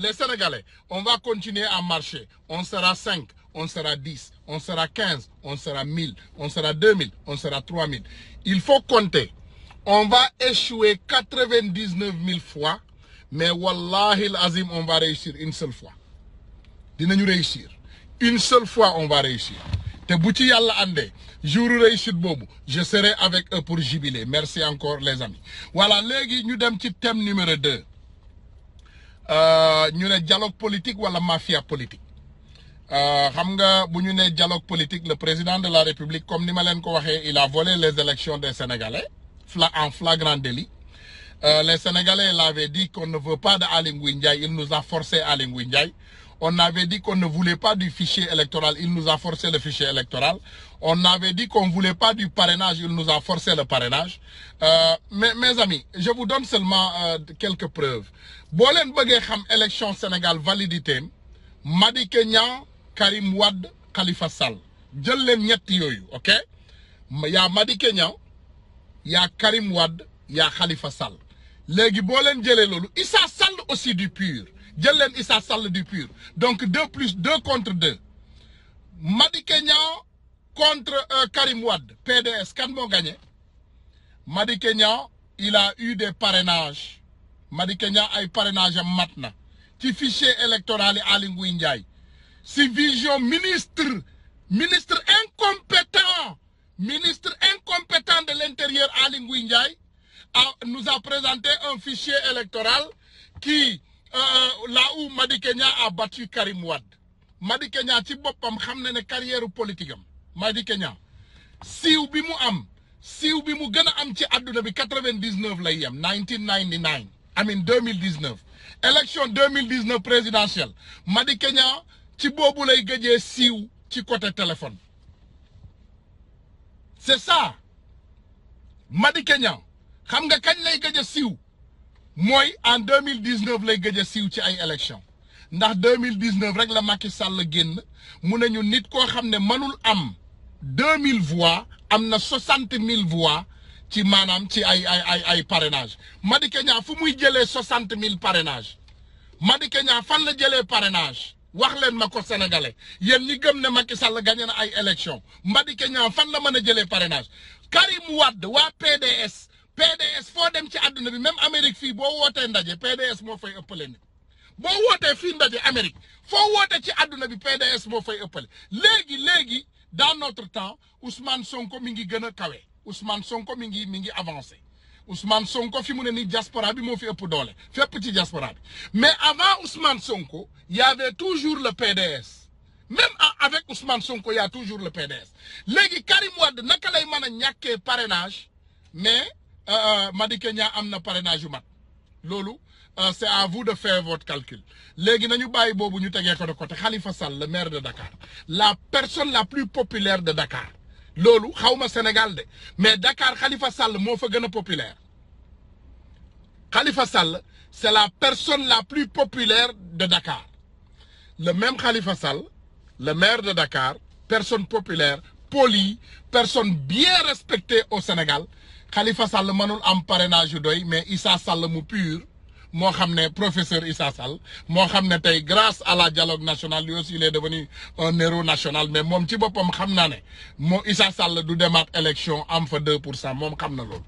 les Sénégalais, on va continuer à marcher. On sera 5, on sera 10, on sera 15, on sera 1000, on sera 2000, on sera 3000. Il faut compter. On va échouer 99 000 fois, mais Wallahi on va réussir une seule fois. On nous, réussir. Une seule fois, on va réussir je serai avec eux pour jubiler merci encore les amis voilà nous avons un petit thème numéro 2. Nous avons un dialogue politique ou wala mafia politique euh, xam nga bu ñu dialogue politique le président de la république comme ni ma leen il a volé les élections des sénégalais en flagrant délit euh, les sénégalais l'avaient dit qu'on ne veut pas de il nous a forcé à Ngouille Ndiaye on avait dit qu'on ne voulait pas du fichier électoral. Il nous a forcé le fichier électoral. On avait dit qu'on ne voulait pas du parrainage. Il nous a forcé le parrainage. Euh, mes amis, je vous donne seulement euh, quelques preuves. Bolen Ham élection Sénégal validité. Madi Karim Wad, Khalifa Sall. Il y à yooyu ok yaa Il y a Karim Wad, il Khalifa Sall Khalifa Sal. leen jëlee Issa aussi du PUR Jalen Issa Sall du PUR donc 2 plus 2 contre 2. Madi Kenyan contre euh, Karim Wad, PDS kan moo gagné Madi Kenyan, il a eu des parrainages Madi a eu parrainage maintenant. Qui fichier électoral à Aly si vision ministre ministre incompétent ministre incompétent de l'intérieur à nous a présenté un fichier électoral qui Euh, là où Madické Niang a battu Karim Wade Madické Niang ci boppam xam na ne carrière politique am Madické Niang siiw bi mu am siiw bi mu gën a am ci àdduna bi quatre-vingt-dix-neuf lay yem nineteen ninety-nine amin deux mille dix-neuf élection deux mille dix-neuf présidentielle Madické Niang ci boobu lay gëjee siiw ci côté téléphone c'est ça Madické Niang xam nga kañ lay gëj a siiw Moi, en 2019, suis lay gëj ci ay élection ndax 2019, la Macky Sall nit ko ne am 2000 voix amna 60000 voix ci manam, ci ay ay ay parrainages. parrainage madi kenya fu muy parrainage madi fan la parrainage wax len mako sénégalais ni Macky Sall gagné na ay élection madi fan la parrainage Karim PDS PDS foo ci aduna bi même Amérique fi bo woté ndaje PDS mo fay ëppale nit bo woté fi ndaje Amérique fo woté ci aduna bi PDS mo fay ëppale légui dans notre temps Ousmane Sonko mi ngi Ousmane Sonko mi ngi avancé Ousmane Sonko fi mu ne diaspora bi mo fi ëpp doolé fépp ci diaspora bi mais avant Ousmane Sonko il y avait toujours le PDS. même avec Ousmane Sonko il y a toujours le PDS légui Karim Wade naka lay mën a parrainage mais euh, euh, euh, c'est à vous de faire votre calcul nañu de Khalifa Sall le maire de Dakar la personne la plus populaire de Dakar Lolo, xawma Sénégal mais Dakar Khalifa Sall mo fa populaire Khalifa Sall c'est la personne la plus populaire de Dakar le même Khalifa Sall le maire de Dakar personne populaire polie personne bien respectée au Sénégal Khalifa Sall manul am parrainage doy mais Issa Sall mu pur mo xamné professeur Issa Sall mo xamné tay grâce à la dialogue national lui aussi il est devenu un héros national mais mom ci bopam xamna né mo Issa Sall du démat élection am fa 2% mom xamna lool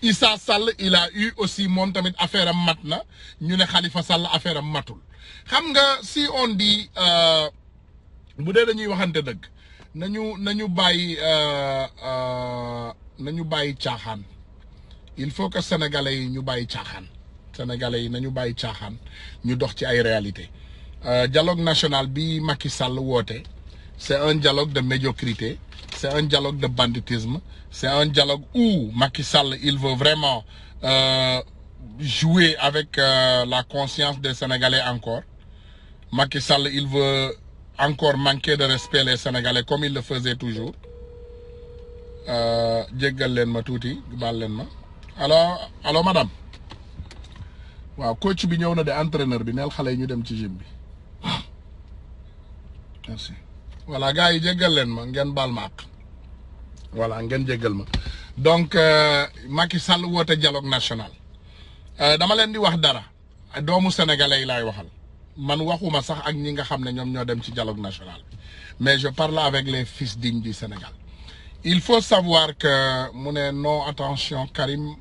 Issa Sall il a eu aussi mon tamit affaire am matna ñu né Khalifa Sall affaire am matul xam nga si on dit euh, bu dé dañuy waxanté deug nañu nañu euh, euh il faut que sénégalais sénégalais Ne nañu pas tiaxan ñu dox réalité euh, dialogue national bi Macky Sall c'est un dialogue de médiocrité c'est un dialogue de banditisme c'est un dialogue où Macky Sall il veut vraiment euh, jouer avec euh, la conscience des Sénégalais encore Macky Sall il veut encore manquer de respect les Sénégalais comme il le faisait toujours euh, jéggal leen ma touti baal ma allo allo madame wa coach bi ñewna de entraîneur bi neel xalé ñu dem ci gym bi merci voilà gars yi jéggal ma ngén baal ma voilà ma donc euh, Macky Sall wota dialogue national euh, dama len di wax dara doomu sénégalais lay waxal man waxuma sax ak ñi nga xamné ñom ñoo dem ci dialogue national mais je parle avec les fils dignes du Sénégal il faut savoir que mon non attention Karim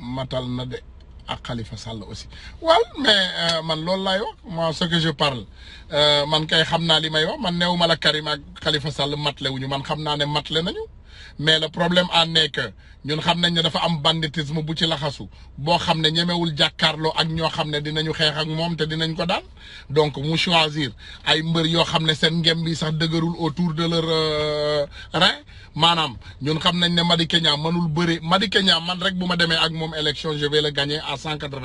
matal na de ak Khalifa Sall aussi waaw mais euh, man lol la wax moi ce que je parle euh, man kay xamna li may wax man neewu ma la Karim ak Khalifa Sall matle wuñu man xamna né matlé matle nañu mais le problème en est que ñun xamnañ né dafa am banditisme bu ci laxasu boo xam ne ñemewul jàkkaarloo ak ño xamné dinañu xeex ak mom te dinañ ko dal. donc mu choisir ay mbeur yo xamné sen ngem bi sax dëgërul autour de leur euh, rein manam ñun xam nañ ne Madi Kenya mënul bëre Madi Kenya man rek buma démé ak mom élection je vais le gagner à 180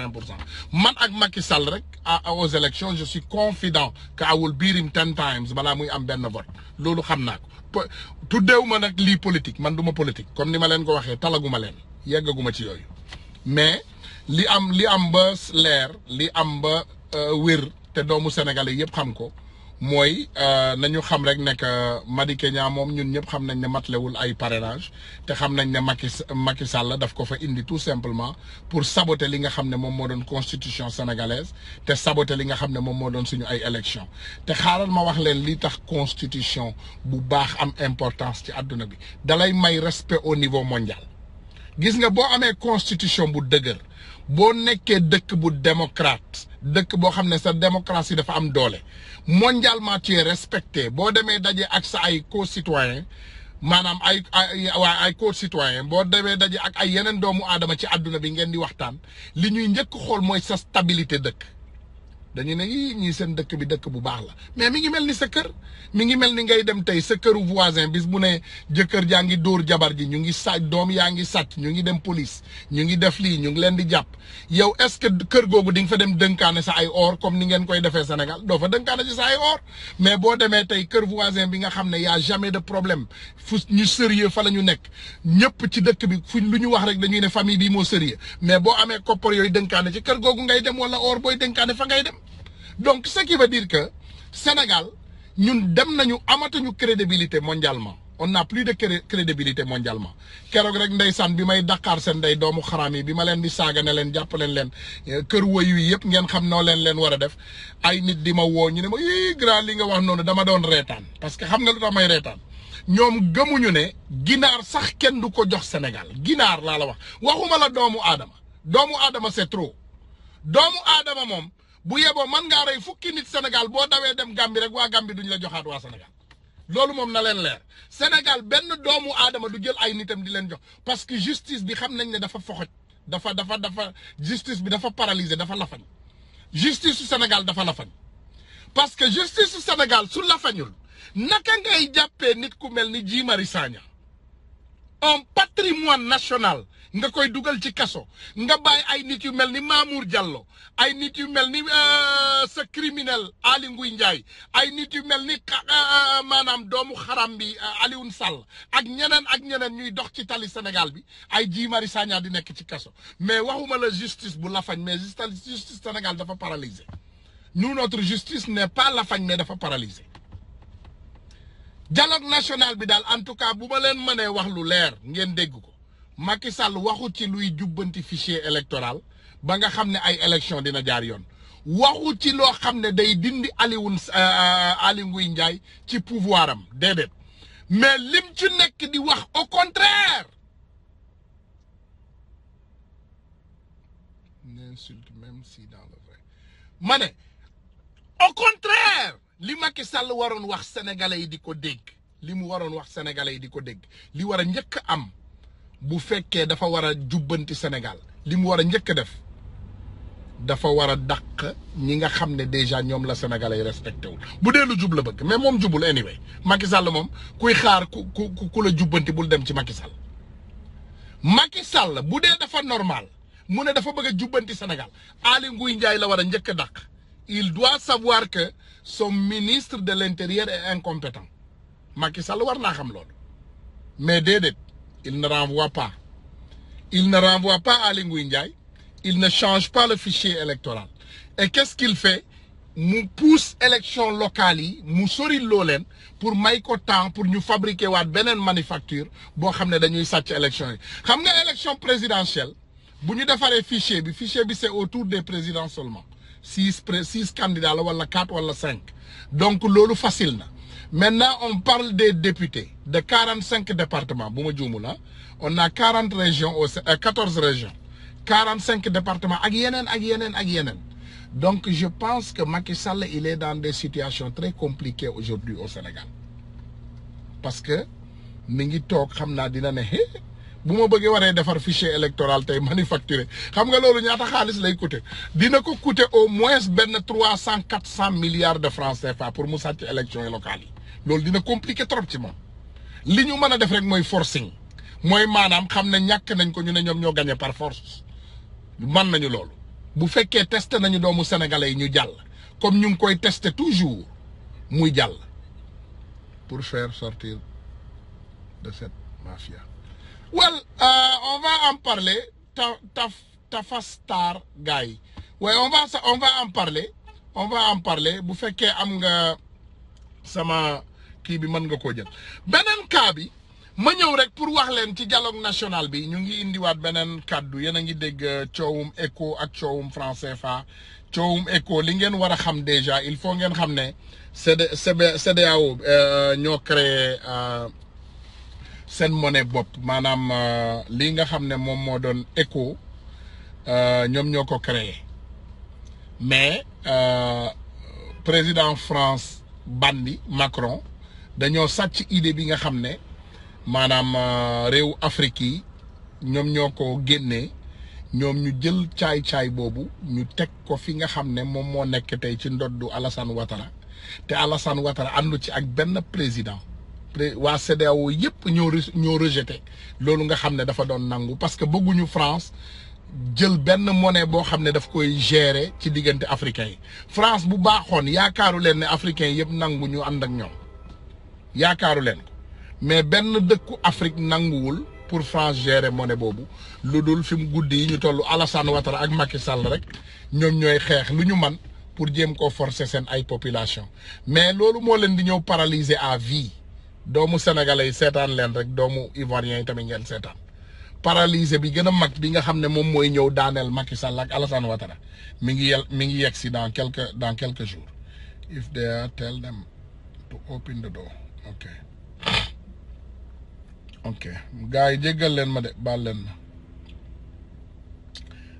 man ak Macky Sall rek à aux élections je suis confident que I will beat him ten times bala muy am ben vote lolu xamna ko tuddeewu nak li politique man duma politique comme ni ma leen ko waxé talaguma leen yeggaguma ci yooyu mais li am li am ba leer li am ba euh, wër té doomu sénégalais yépp xam ko moy euh, nañu xam rek que Madické Niang ñun ñep xam nañ ne matléwul ay parrainage té xam nañ ne Macky Sall daf ko indi tout simplement pour saboter li nga xam constitution sénégalaise te saboter li nga xam ne te ma wax constitution bu baax am importance ci aduna bi respect au niveau mondial gis nga bo une constitution bu dëgër bo nekkee dëkk bu démocrate dëkk boo xam ne sa démocratie dafa am doole mondialement tu es respecté boo demee daje ak sa ay co maanaam ay ay ay co boo demee daje ak ay yeneen doomu aadama ci àdduna bi ngeen di waxtaan li ñuy njëkk xool mooy sa stabilité dëkk dañuy ne ñii seen dëkk bi dëkk bu baax la mais mi ngi mel ni sa kër mi ngi mel ni ngay dem tey sa këru voisin bis bu ne jëkkër jaa ngi dóor jabar ji ñu ngi sàcc doom yaa ngi sàcc ñu ngi dem police ñu ngi def lii ñu ngi leen di jàpp yow est-ce que kër googu di nga fa dem dënkaane sa ay or comme ni ngeen koy defee Sénégal doo fa dënkaane ci sa ay or mais boo demee tey kër voisin bi nga xam ne y a jamais de problème fu ñu sérieux fa la ñu nekk ñëpp ci dëkk bi fu lu ñu wax rek dañuy ne famille bi moo sérieux mais boo amee koppar yooyu dënkaane ci googu ngay dem wala or booy dënkaane fa ngay dem donc ce qui veut dire que Sénégal ñun dem nañu amatuñu crédibilité mondialement on n'a plus de crédibilité mondialement keroog rek ndeysaan bi may Dakar seen ndey doomu xaraam yi bi ma leen di saaga ne leen jàpp leen leen eh, kër woyu yi yëpp ngeen xam noo leen leen war def ay nit di ma woo ñu ne ma yii grand li nga wax noonu dama doon reetaan parce que xam nga lu tax may reetaan ñoom gëmuñu ne ginaar sax kenn du ko jox Sénégal guinar laa la wax waxuma la doomu aadama doomu aadama c'est trop doomu aadama moom bu yeboo man ngaa rey fukki nit Sénégal boo dawee dem Gambie rek waa Gambie duñ la joxaat waa Sénégal loolu moom na leen leer Sénégal benn doomu aadama du jël ay nitam di leen jox parce que justice bi xam nañ ne dafa foxoj dafa dafa dafa justice bi dafa paralysé dafa lafañ justice su Sénégal dafa lafañ parce que justice su Sénégal su lafañul naka ngay jàppee nit ku mel ni jiimari Marius Sagna un patrimoine national nga koy dugal ci kaso nga bàyyi ay nit yu mel ni Mamour Diallo ay nit yu mel ni euh, sa criminel Aly Ngouille Ndiaye ay nit yu mel ni euh, euh, maanaam doomu xaram bi Alioune Sall ak ñeneen ak ñeneen ñuy dox ci tali Sénégal bi ay Guy Marius di nekk ci kaso mais waxuma la justice bu lafañ mais justice Sénégal dafa paralysé nous notre justice n'est pas lafañ mais dafa paralysé dialogue national bi daal en tout cas bu ma leen mënee wax lu leer ngeen dégg ko Macky Sall waxu ci luy jubbanti fichier électoral ba nga xam ne ay élection dina jaar yoon waxu ci loo xam ne day dindi Alioune euh, euh, Aly Ngouille Ndiaye ci pouvoir am déedéet mais lim ci nekk di wax au contraire ma ne au contraire li Macky Sall waroon wax sénégalais yi di ko dégg li mu waroon wax sénégalais yi di ko dégg li war a njëkk am bu fekkee dafa wara a jubbanti Sénégal li mu war def dafa wara a dàq ñi nga xam déjà ñom la sénégalais respecté wul bu délu jub la bëgg mais mom jubul anyway Macky Sall moom kuy xaar ku ku ku la jubbanti bul dem ci Macky Sall Macky Sall bu dé dafa normal mu ne dafa bëgg a Sénégal Ali Nguy Ndiaye la wara a dakk il doit savoir que son ministre de l'intérieur est incompétent Macky Sall war naa xam lool mais déedéet. Il ne renvoie pas. Il ne renvoie pas à Ndiaye. Il ne change pas le fichier électoral. Et qu'est-ce qu'il fait Nous pousse l'élection locale, nous sourit pour temps, pour nous fabriquer une manufacture, pour nous donner cette élection. une élection présidentielle, si nous faire un fichier, le fichier c'est autour des présidents seulement. 6 candidats, 4 ou 5. Donc, c'est facile. Maintenant, on parle des députés de 45 départements. Ah. On a 40 régions, 14 euh, régions, 45 départements. Donc, je pense que Macky Sall, il est dans des situations très compliquées aujourd'hui au Sénégal. Parce que, mingi tok xamna dina ne bu ma fichier électoral coûter au moins 300-400 milliards de francs CFA pour mu élection locale loolu dina compliqué trop petit moom li ñu mën a def rek forcing mooy maanaam xam ne ñàkk nañ ko ñu ñoo gagné par force mën nañu loolu bu fekkee testé nañu doomu sénégalais yi ñu comme nous ngi koy testé toujours muy jàll pour faire sortir de cette mafia. well euh, on va en parler ta ta tafastar star, guy. Ouais, on va on va en parler on va en parler bu fekkee am nga sama. kii bi mën nga koo jël beneen cas bi ma ñëw rek pour wax leen ci dialogue national bi ñu ngi indiwaat beneen kàddu yéen a ngi dégg euh, coowum écho ak coowum français CFA coowum éco li ngeen war a xam déjà il faut ngeen xam ne CD CEDEAO euh, ñoo créé euh, seen monnaie bopp maanaam lii nga xam ne moom moo doon écho ñoom ñoo ko créé mais président France bandi Macron dañoo sàcc idée bi nga xam ne maanaam euh, réew Afrique yi ñoom ñoo ko génnee ñoom ñu jël caay-caay boobu ñu teg ko fi nga xam ne moom moo nekk tey ci ndoddu Alassane Ouattara te Alassane Ouattara àndu ci ak benn président waa CEDEAO yëpp ñoo ñoo rejeté loolu nga xam ne dafa doon nangu parce que bëgguñu France jël benn monnaie boo xam ne dafa koy gérer ci diggante africain yi France bu baaxoon yaakaaru leen ne africain yëpp nangu ñu ànd ak ñoom. yaakaaru leen ko mais benn dëkku Afrique nanguwul pour France gérer monnaie boobu lu dul fi mu guddi yi ñu toll Alassane Ouattara ak Macky Sall rek ñoom ñooy xeex lu ñu man pour jéem ko forcer seen ay population mais loolu moo leen di ñëw paralyser à vie doomu sénégalais yi seetaan leen rek doomu ivoirien yi tamit ngeen seetaan paralyser bi gën a mag bi nga xam ne moom mooy ñëw daaneel Macky Sall ak Alassane Ouattara mi ngi yel mi ngi yegg si dans quelque dans quelques jours if they tell them to open ok ok gaa yi jéggal leen ma de baal leen ma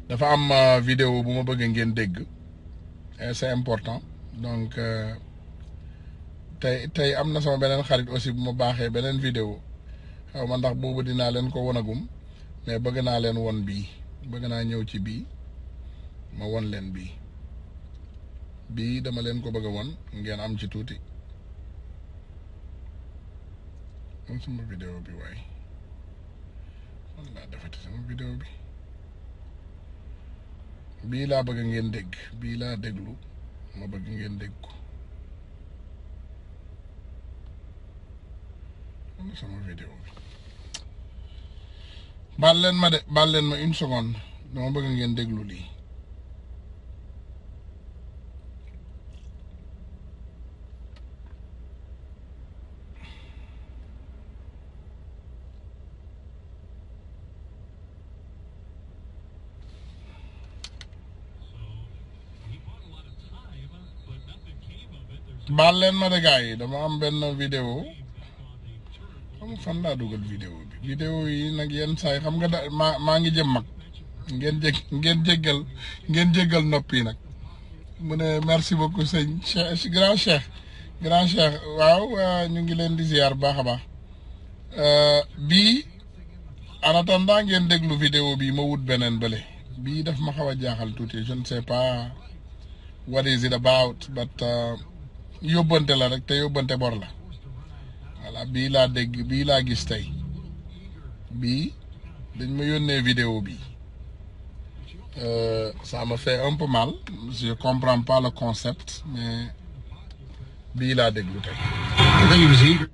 dafa am euh, video bu ma bëggee ngeen dégg et c'est important donc euh, tey tey am na sama beneen xarit aussi bu ma baaxee beneen vidéo xaw ma ndax boobu dinaa leen ko wonagum mais bëgg naa leen won bii bëgg naa ñëw ci bii ma won leen bii bii dama leen ko bëgg a won ngeen am ci tuuti kon suma vidéo bi waaye man laa defati sama vidéo bi bii laa bëgg ngeen dégg bii laa déglu ma bëgg ngeen dégg ko man sama vidéo bi baal ma de baal ma une seconde dama bëgg ngeen déglu lii baal leen ma de yi dama am benn vidéo xam fan laa dugal vidéo bi vidéo yi nag yenn saa xam nga da maa maa ngi jëm mag ngeen jég ngeen jéggal ngeen jéggal nopp yi nag mu ne merci beaucoup sëñ Cheikh grand Cheikh grand Cheikh waaw ñu ngi leen di ziar baax a baax euh, bii en attendant ngeen déglu vidéo bii ma wut beneen bële bi daf ma xaw a jaaxal tuuti je ne sais pas what is it about euh, yobante la rek te yobante bor la voilà bi la dégg bi la gis tay bi dañ ma yónnee vidéo bi euh, ça me fait un peu mal je comprends pas le concept mais bii laa déglu tey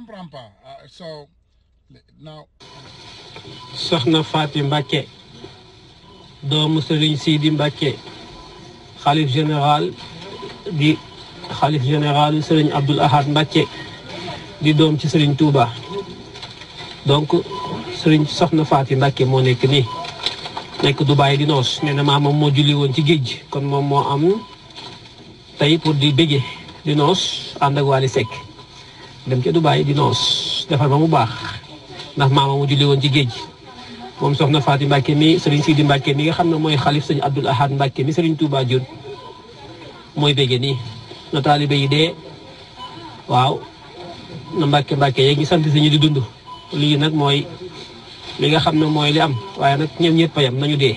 comprends pas. Uh, so, now... Soxna Fatim Mbacké doomu Serigne Sidi Mbacké Khalif General, di Khalif General Serigne Abdul Ahad Mbacké di dom ci Serigne Touba donc Serigne Soxna Fatim Mbacké moo nekk nii nekk Dubaay di noos nee na maamam moo julli won ci géej kon moom am tay pour di bége di noos ànd ak Wally Seck dem ca Dubaay di noos defar ba bu baax ndax maama mu julli woon ci géej moom soxna Faati Mbàkke mi sëriñ Sidi Mbàkke mi nga xam ne mooy xalif sañ Abdul Ahad Mbàkke mi sëriñ Touba jur mooy béggee nii na taalibe yi dee waaw na Mbàkke Mbàkke yeeg ñi sant si ñu di dund lii nag mooy li nga xam ne mooy li am waaye nag ñoom ñëpp a nañu dee.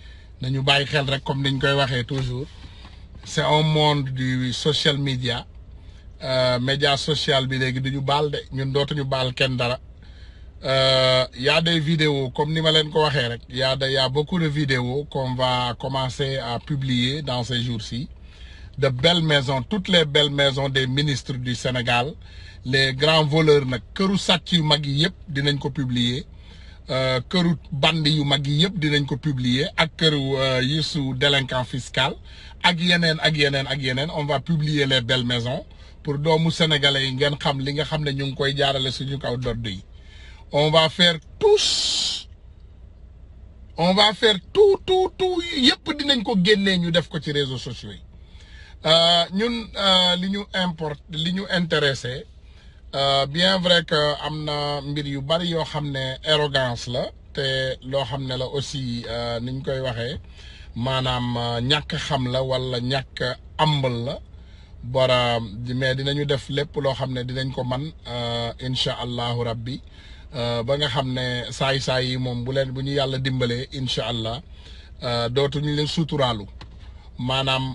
Nous comme toujours c'est un monde du social media euh, média social bi nous euh, y a des vidéos comme je vous leen Il y a beaucoup de vidéos qu'on va commencer à publier dans ces jours-ci de belles maisons toutes les belles maisons des ministres du Sénégal les grands voleurs ne këru sàcc les euh, këru band yu magi yi dinañ ko publier ak këru euh, yi délinquant fiscal ak yenen ak yenen ak yenen on va publier les belles maisons pour doomu sénégalais yi ngeen xam li nga xam ne ñu ngi koy jaarale suñu kaw dodd on va faire tous on va faire tout tout tout yëpp dinañ ko génnee ñu def ko ci réseaux sociaux euh ñun euh, li ñu importe li ñu intéressé Euh, bien vrai que am na mbir yu bari yoo xam ne arrogance la te loo xam ne la aussi euh, ni ñu koy waxee maanaam euh, ñàkk xam la wala ñàkk ambal la bara mais dinañu def lépp loo xam ne dinañ ko man incha allahu rabbi ba nga xam ne saay-saay yi moom bu leen bu ñu yàlla dimbalee incha allah dootuñu leen suturaalu maanaam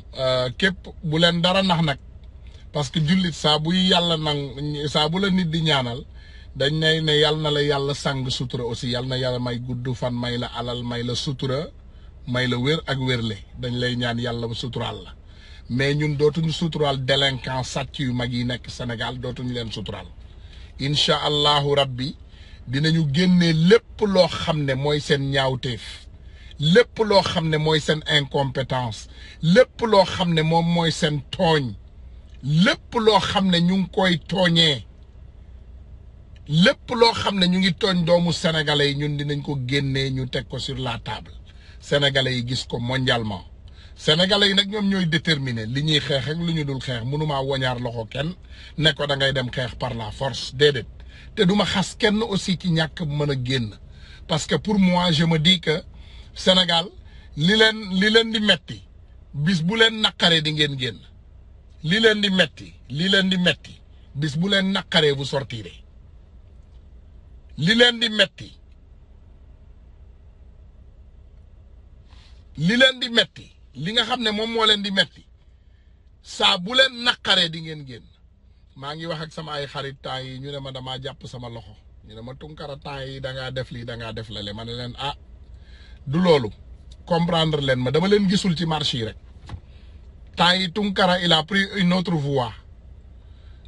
képp bu leen dara nax nag parce que jullit saa buy yàlla nang saa bu la nit di ñaanal dañ ne ne yàlla na la yàlla sàng sutura aussi yàlla na yàlla may gudd fan may la alal may la sutura may la wér ak wérle dañ lay ñaan yàlla suturaal la mais ñun dootuñu suturaal délinquant sàcc yu mag yi nekk Sénégal dootuñu leen suturaal incha allahu rabbi dinañu génnee lépp loo xam ne mooy seen ñaawteef lépp loo xam ne mooy seen incompétence lépp loo xam ne moom mooy seen tooñ lepp lo xam ne ñu ngi koy togné lepp lo xam ñu ngi togn doomu sénégalais ñun dinañ ko génné ñu teg ko sur la table sénégalais yi gis ko mondialement sénégalais nak ñom ñoy ñooy déterminer li ñuy xeex ak lu ñu dul xeex mënumaa woñaar loxo kenn ne ko da ngay dem xeex par la force déedéet té duma xass kenn aussi ci ñak mëna génn parce que pour moi je me dis que Sénégal li leen li leen di metti bis bu leen naqaree di ngeen génn li len di metti li len di metti bis bu len nakare bu sortiire li len di metti li len di metti li nga xamne mom mo len di metti sa bu len nakare di ngeen génn ma ngi wax ak sama ay xarit temps yi ñu ne ma dama japp sama loxo ñu ne ma tunkara danga yi da nga def li da nga def la le man len ah du lolu comprendre len ma dama len gisul ci marché rek tay yi Tunkara il a pris une autre voie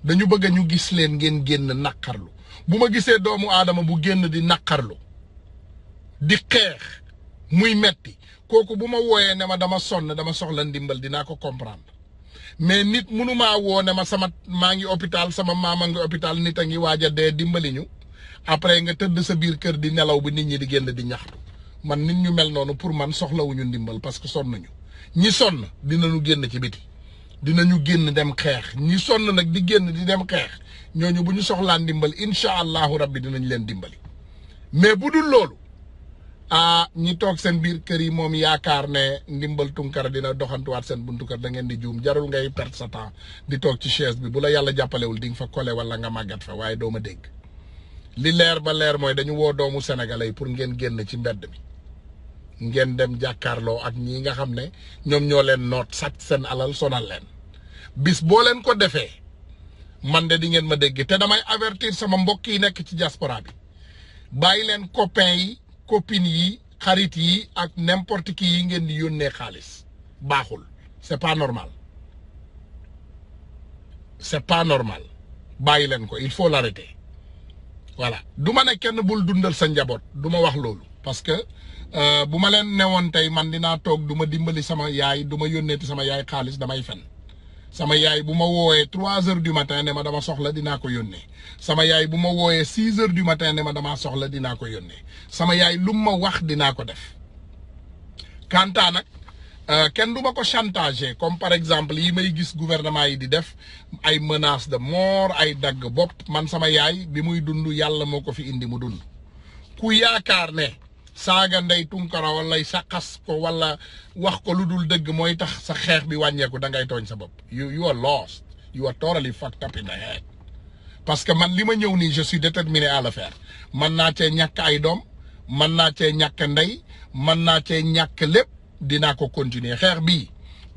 dañu bëgg ñu gis leen ngeen genn nakarlu Buma gisé doomu adama bu genn di nakarlu di xex muy metti koku buma woyé néma dama sonn dama soxla ndimbal dina ko comprendre mais nit mënuma wo néma sama maa ngi hôpital sama mama ngi hôpital nit a ngi waaj a dimbali ñu après nga teud sa bir kër di nelaw bi nit ñi di genn di ñaxtu man nit ñu mel nonu pour man soxlawuñu ndimbal parce que sonn ñi sonn dinañu génn ci biti dinañu génn dem xeex ñi sonn nag di génn di dem xeex ñooñu bu ñu soxlaa ndimbal incha allahu bi dinañ leen dimbali mais bu dul loolu ah ñi toog seen biir kër yi moom yaakaar ne ndimbal tunkara dina doxantuwaat seen buntu kër da ngeen di juum jarul ngay perte sa temps di toog ci chaise bi bu la yàlla jàppalewul di fa kole wala nga màggat fa waaye doo ma dégg li leer ba leer mooy dañu woo doomu sénégalais yi pour ngeen génn ci mbedd bi ngeen dem jàkkaarloo ak ñi nga xam ne ñoom ñoo leen noot sàcc seen alal sonal leen bis boo leen ko defee man de di ngeen ma dégg te damay avertir sama mbokk yi nekk ci diaspora bi bàyyi leen copain yi copines yi xarit yi ak n'importe qui yi ngeen di yónnee xaalis baaxul c'est pas normal c'est pas normal bàyyi leen ko il faut l'arrêter voilà du ma ne kenn bul dundal sa njaboot duma wax loolu parce Euh, bu ma leen newoon tey man dinaa toog du ma dimbali sama yaay du ma ti sama yaay xaalis damay fen sama yaay bu ma wooyee trois heures du matin ma dama soxla dinaa ko yónnee sama yaay bu ma wooyee six heures du ma damaa soxla dinaa ko yónnee sama yaay lu ma wax dinaa ko def kanta nag euh, kenn du ma ko chantage comme par exemple yi may gis gouvernement yi di def ay menace de mort ay dagg bopp man sama yaay bi muy dund yàlla moo ko fi indi mu dund ku yaakaar ne saaga ndey tunkara wala sa xas ko wala wax ko lu dul dëgg mooy tax sa xeex bi wàññeeku da ngay tooñ sa bopp you you are lost you are totally fucked up in the parce que man li ma ñëw nii je suis déterminé à le faire man naa cee ñàkk ay doom man naa cee ñàkk ndey man naa cee ñàkk lépp dinaa ko continuer xeex bii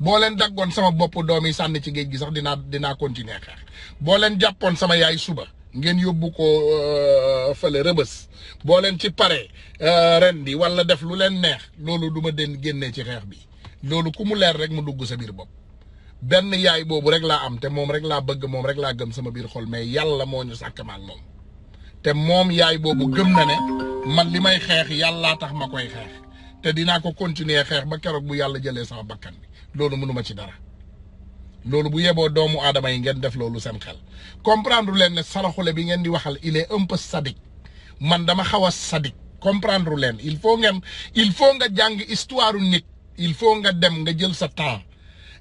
boo leen daggoon sama bopp doom yi sànni ci géej gi sax dinaa dinaa continuer xeex boo leen jàppoon sama yaay suba ngeen yóbbu ko euh, fële rëbës boo leen ci pare euh, ren di walla def lu leen neex loolu du ma den génnee ci xeex bi loolu ku mu leer rek mu dugg sa biir bopp benn yaay boobu rek laa am te moom rek laa bëgg moom rek laa gëm sama biir xol mais yàlla moo ñu sàkk moom te moom yaay boobu gëm na ne man li may xeex yàllaa tax ma koy xeex te dinaa ko continuer xeex ba keroog bu yàlla jëlee sax bakkan bi loolu mënuma ci dara lolu bu yebo doomu adama yi ngeen def lolu seen xel comprendre len ne saraxule bi ngeen di waxal il est un peu sadique man dama xaw a sadique comprendre len il faut ngeen il faut nga jang histoire nit il faut nga dem nga jël sa temps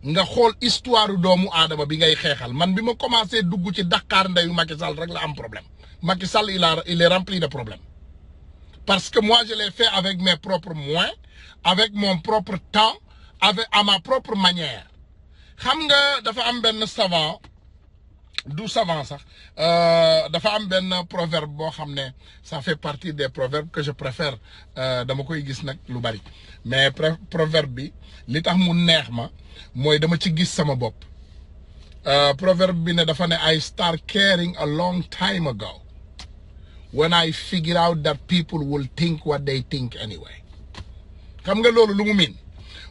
nga xol histoire doomu adama bi ngay xeexal man bima commencé dugg ci Dakar ndeyu Macky Sall rek la am problème Macky Sall il a il est rempli de problèmes parce que moi je l'ai fait avec mes propres moyens avec mon propre temps avec à ma propre manière xam nga dafa am benn savant du savant sax euh, dafa am benn proverbe boo xam ne ça fait partie des proverbes que je préfère euh, dama koy gis nag lu bari mais proverbe bi li tax mu neex ma mooy dama ci gis sama bopp euh, proverbe bi ne dafa ne I start caring a long time ago when I figure out that people will think what they think anyway xam nga loolu lu mu miin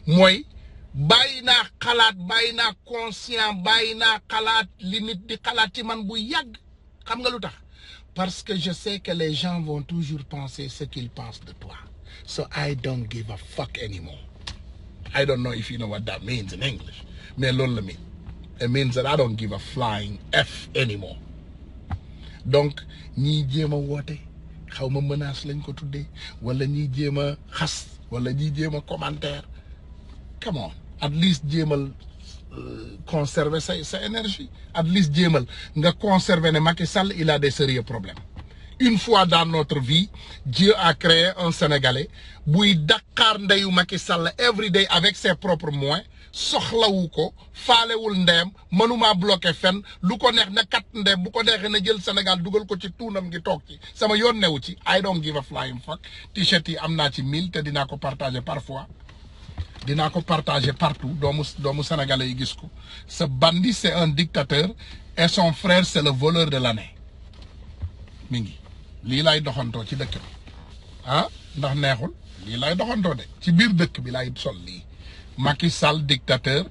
mooy bayina khalat bayina conscient bayina khalat li nit di xalaat man bu nga parce que je sais que les gens vont toujours penser ce qu'ils pensent de toi so I don't give a fuck anymore I don't know if you know what that means in English mais l'on la it means that I don't give a flying f anymore donc ni djema a xawma menace lañ ko tuddee wala ni djema ou wala ni commentaire come on at least me euh, conserver sa sa énergie at least jéemal nga conserver ne Macky Sall il a des sérieux problèmes une fois dans notre vie Dieu a créé un Sénégalais buy Dakar ndeyou Macky Sall every day avec ses propres moyens soxlawu ko faalewul ndeem mënuma bloqué fenn lu ko neex na kat ndem bu ko neexee na jël Sénégal dougal ko ci tuunam ngi tok ci sama yoon ci I don't give a flying fuck t-shirt yi amna ci mille te dina ko partager parfois Dina ko partager partout doomu doomu sénégalais yi gis ko ce bandit c'est un dictateur et son frère c'est le voleur de l'année Mingi, li lay doxanto ci dëkk bi ah ndax neexul li lay doxanto de ci bir dëkk bi lay sol li Macky Sall dictateur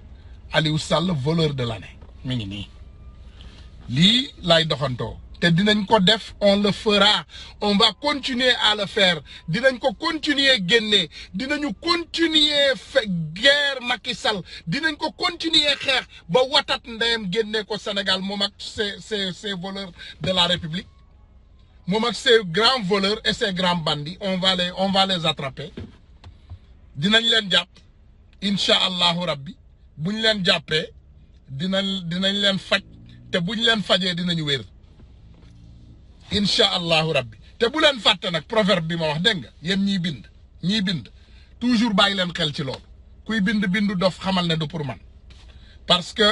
Aliou Sall voleur de l'année Mingi ni. Li lay doxanto te dinañ ko def on le fera on va continuer à le faire dinañ ko continuer génne nous continuer faire guerre Macky Sall ko continuer faire, bah watat n'aime gagner ko Sénégal moom c'est ces ces ces voleurs de la République moom c'est ces grands voleurs et ces grands bandits on va les on va les attraper dinañ len japp. Inshallah allahu rabbi buñ len jappé dinañ dinañ len faj Té buñ len fajee dinañu wér. insha Allah rabbi te bu len fatte nak proverbe bi ma wax deng nga ñi bind ñi bind toujours bay len xel ci lool kuy bind bindu dof xamal ne du pour man parce que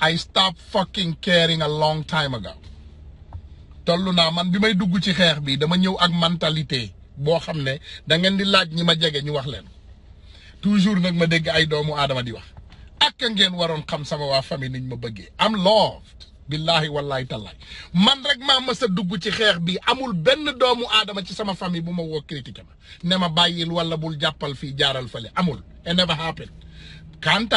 I stop fucking caring a long time ago tollu na man bi may dugg ci xex bi dama ñew ak mentalité bo xamne da ngeen di laaj ñima jégué ñu wax len toujours nak ma dégg ay doomu adama di wax ak ngeen waron xam sama wa famille niñ ma bëggé am loved billaahi wallaahi tallaahi man rek maa mës a dugg ci xeex bi amul benn doomu aadama ci sama famille bu ma woo critiqué ma ne ma bàyyil wala bul jàppal fii jaaral fële amul it never happen kanta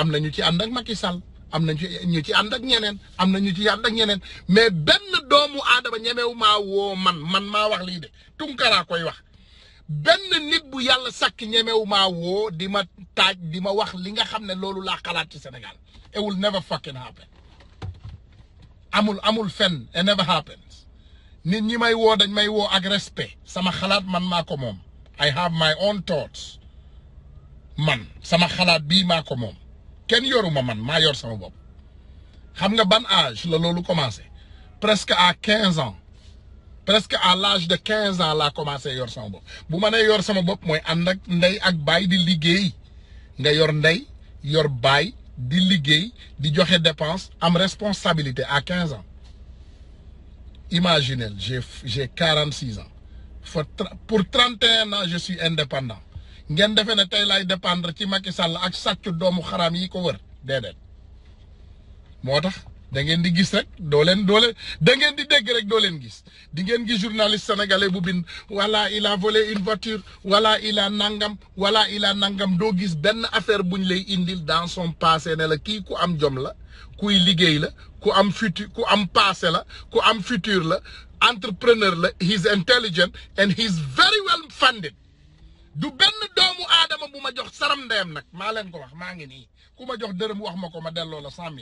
am na ñu ci ànd ak Macky Sall am na ñu ci ànd ak ñeneen am na ñu ci ànd ak ñeneen mais benn doomu aadama ñemewu maa woo man man maa wax lii de tunkaraa koy wax benn nit bu yàlla sakk ñemewu maa woo di ma taaj di ma wax li nga xam ne loolu laa xalaat ci Sénégal it will never fucking happen amul amul fenn it never happens nit ñi may woo dañ may woo ak respect sama xalaat man maa ko moom ay have my own thoughts man sama xalaat bii maa ko moom kenn yoruma man maa yor sama bopp xam nga ban âge la loolu commencé presque à quinze ans presque à l'âge de quinze ans laa commencé yor sama bopp bu ma nee yor sama bopp mooy ànd ak ndey ak baay di liggéey nga yor ndey yor baay di liguey di joxe dépenses am responsabilité à 15 ans imaginez j'ai j'ai 46 ans pour 31 ans je suis indépendant ngén ce né tay lay dépendre ci Macky Sall ak satchu doomu xaram yi ko wër dédé motax da ngeen di gis rek doo leen doo leen da ngeen di dégg rek doo leen gis di ngeen gis journaliste sénégalais bu bind wala il a volé une voiture voilà il nangam wala il nangam doo gis benn affaire buñ lay indil dans son passé ne la kii ku am jom la kuy liggéey la ku am futur ku am passé la ku am futur la entrepreneur la he's intelligent and he's very well funded du benn doomu aadama bu ma jox saram ndeyam nag maa leen ko wax maa ngi nii ku ma jox dërëm wax ma ko ma delloo la cent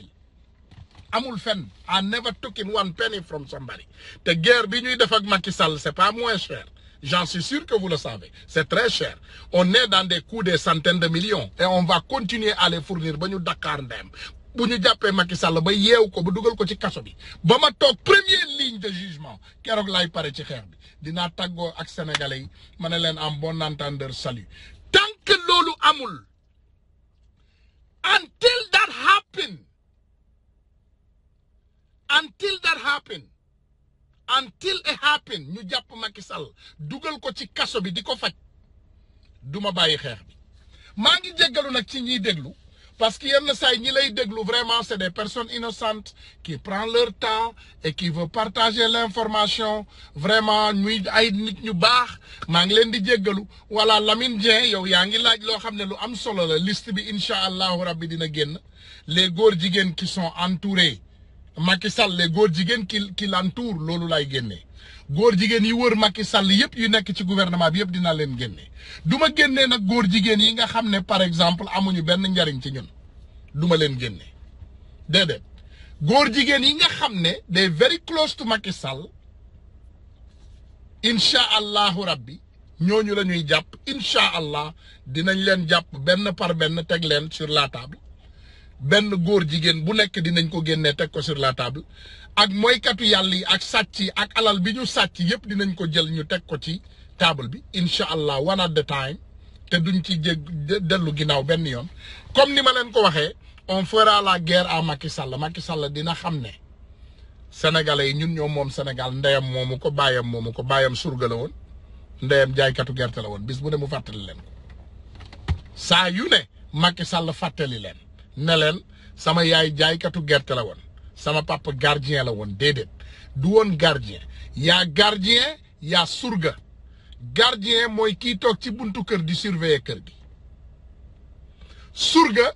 amul fenn I never took in one penny from somebody te guerre bi ñuy def ak Macky Sall c'est pas moins cher j'en suis sûr que vous le savez c'est très cher on est dans des coûts des centaines de millions et on va continuer à les fournir ba ñu Dakar dem bu ñu jàppee Macky Sall ba yeew ko ba dugal ko ci bi ma toog première ligne de jugement keroog laay pare ci xeex bi dinaa tàggoo ak sénégalais yi en bon entendeur salut tant que loolu amul until that happen until that happen until it happen ñu japp Macky Sall dugal ko ci kasso bi di Duma faj du ma bi maa ngi jéggalu nak ci ñi déglu parce que yenn saa ñi lay déglu vraiment c'est des personnes innocentes qui prennent leur temps et qui veulent partager l'information vraiment ñuy ay nit ñu bax ma ngi leen di jéggalu wala Lamine Dieng yow yaa ngi laaj lo xam lu am solo la liste bi inshallah allahu rabbi dina génn les gor jigéen qui sont entourés Macky Sall les góor jigéen ki ki loolu laay génnee góor jigéen yi wër Macky Sall yëpp yu nekk ci gouvernement bi yëpp dinaa leen génne duma génnee nag góor jigéen yi nga xam ne par exemple amuñu benn njariñ ci ñun duma ma leen génne déedéet góor jigéen yi nga xam ne they very close to Macky Sall incha allahu rabbi ñooñu la ñuy jàpp incha allah dinañ leen jàpp benn par benn teg leen sur la table benn góor jigéen bu nekk dinañ ko génnee teg ko sur la table ak moykatu yàlla yi ak sàcc yi ak alal bi ñu sàcc yépp dinañ ko jël ñu teg ko ci table bi incha allah one at the time te duñ ci jég dellu ginnaaw benn yoon comme ni ma leen ko waxee on fera la guerre à Macky Sall Macky Sall dina xam ne sénégalais yi ñun ñoo moom Sénégal ndeyam moomu ko baayam moomu ko baayam surga la woon ndeyam jaaykatu gerte la woon bis bu ne mu fàttali leen ko saa yu ne fàttali leen. ne sama yaay jaaykatu gerte la woon sama papa gardien la woon déedéet du woon gardien yaa gardien yaa surga gardien mooy kii toog ci buntu kër di surveiller kër gi surga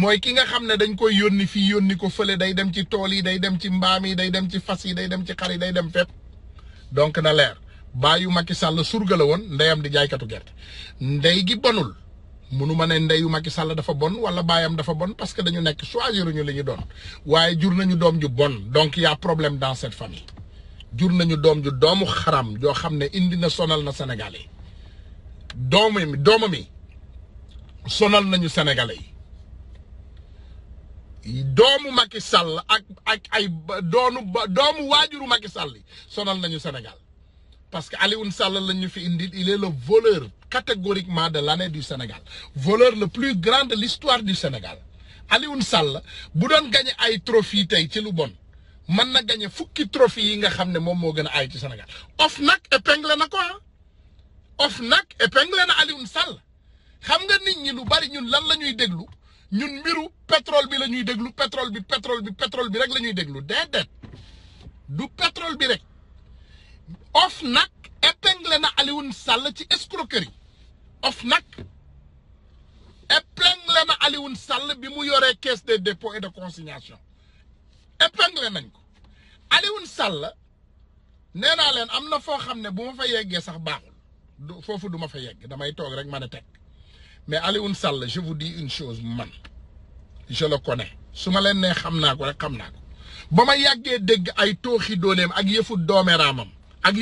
mooy ki nga xam ne dañ koy yónni fii yónni ko fële day dem ci tool yi day dem ci mbaam yi day dem ci fas yi day dem ci xar yi day dem fépp donc na leer baayu Macky Sall surga la woon ndeyam di jaaykatu gerte ndey gi bonul mënuma ne ndeyu Macky Sall dafa bon wala bayam dafa bon parce que dañu nek choisiruñu li ñu doon waaye jur nañu dom ju bon donc y a problème dans cette famille jur nañu dom ju domu kharam jo xam indi na sonal na Sénégalais domi mi doomam mi sonal nañu Sénégalais yi doomu Macky Sall ak ak ay doonu domu wajuru Macky Sall sonal nañu Sénégal parce que Aliou Sall lañu fi indi il est le voleur catégoriquement de l'année du Sénégal voleur le plus grand de l'histoire du Sénégal Alioune Sall bu doon gagner ay trophée t'es ci lu bon man na gagné fukki trophée yi nga xam ne moom moo gën a ay ci Sénégal OFNAC na ko ah OFNAC épinglé na Alioune Sall xam nga nit ñi lu bari ñun lan la nous, déglu ñun mbiru pétrole bi la ñuy déglu pétrole bi pétrole bi pétrole bi rek la ñuy déglu déedéet du pétrole bi rek OFNAC épinglé na Alioune Sall ci escroquerie et épinglé na Alioune sal bi mu yoree caisse de dépôt et de consignation épinglé nañ ko Alioune Sall nee naa leen am na foo hamne fa yeggé sax baaxul du foofu ma fa yegg damay tok rek mën tek mais sal je vous dis une chose man je le connais suma len né xamna ko rek xamna ko bama ma yàggee ay toxi donem ak yëfu doomeraamam ak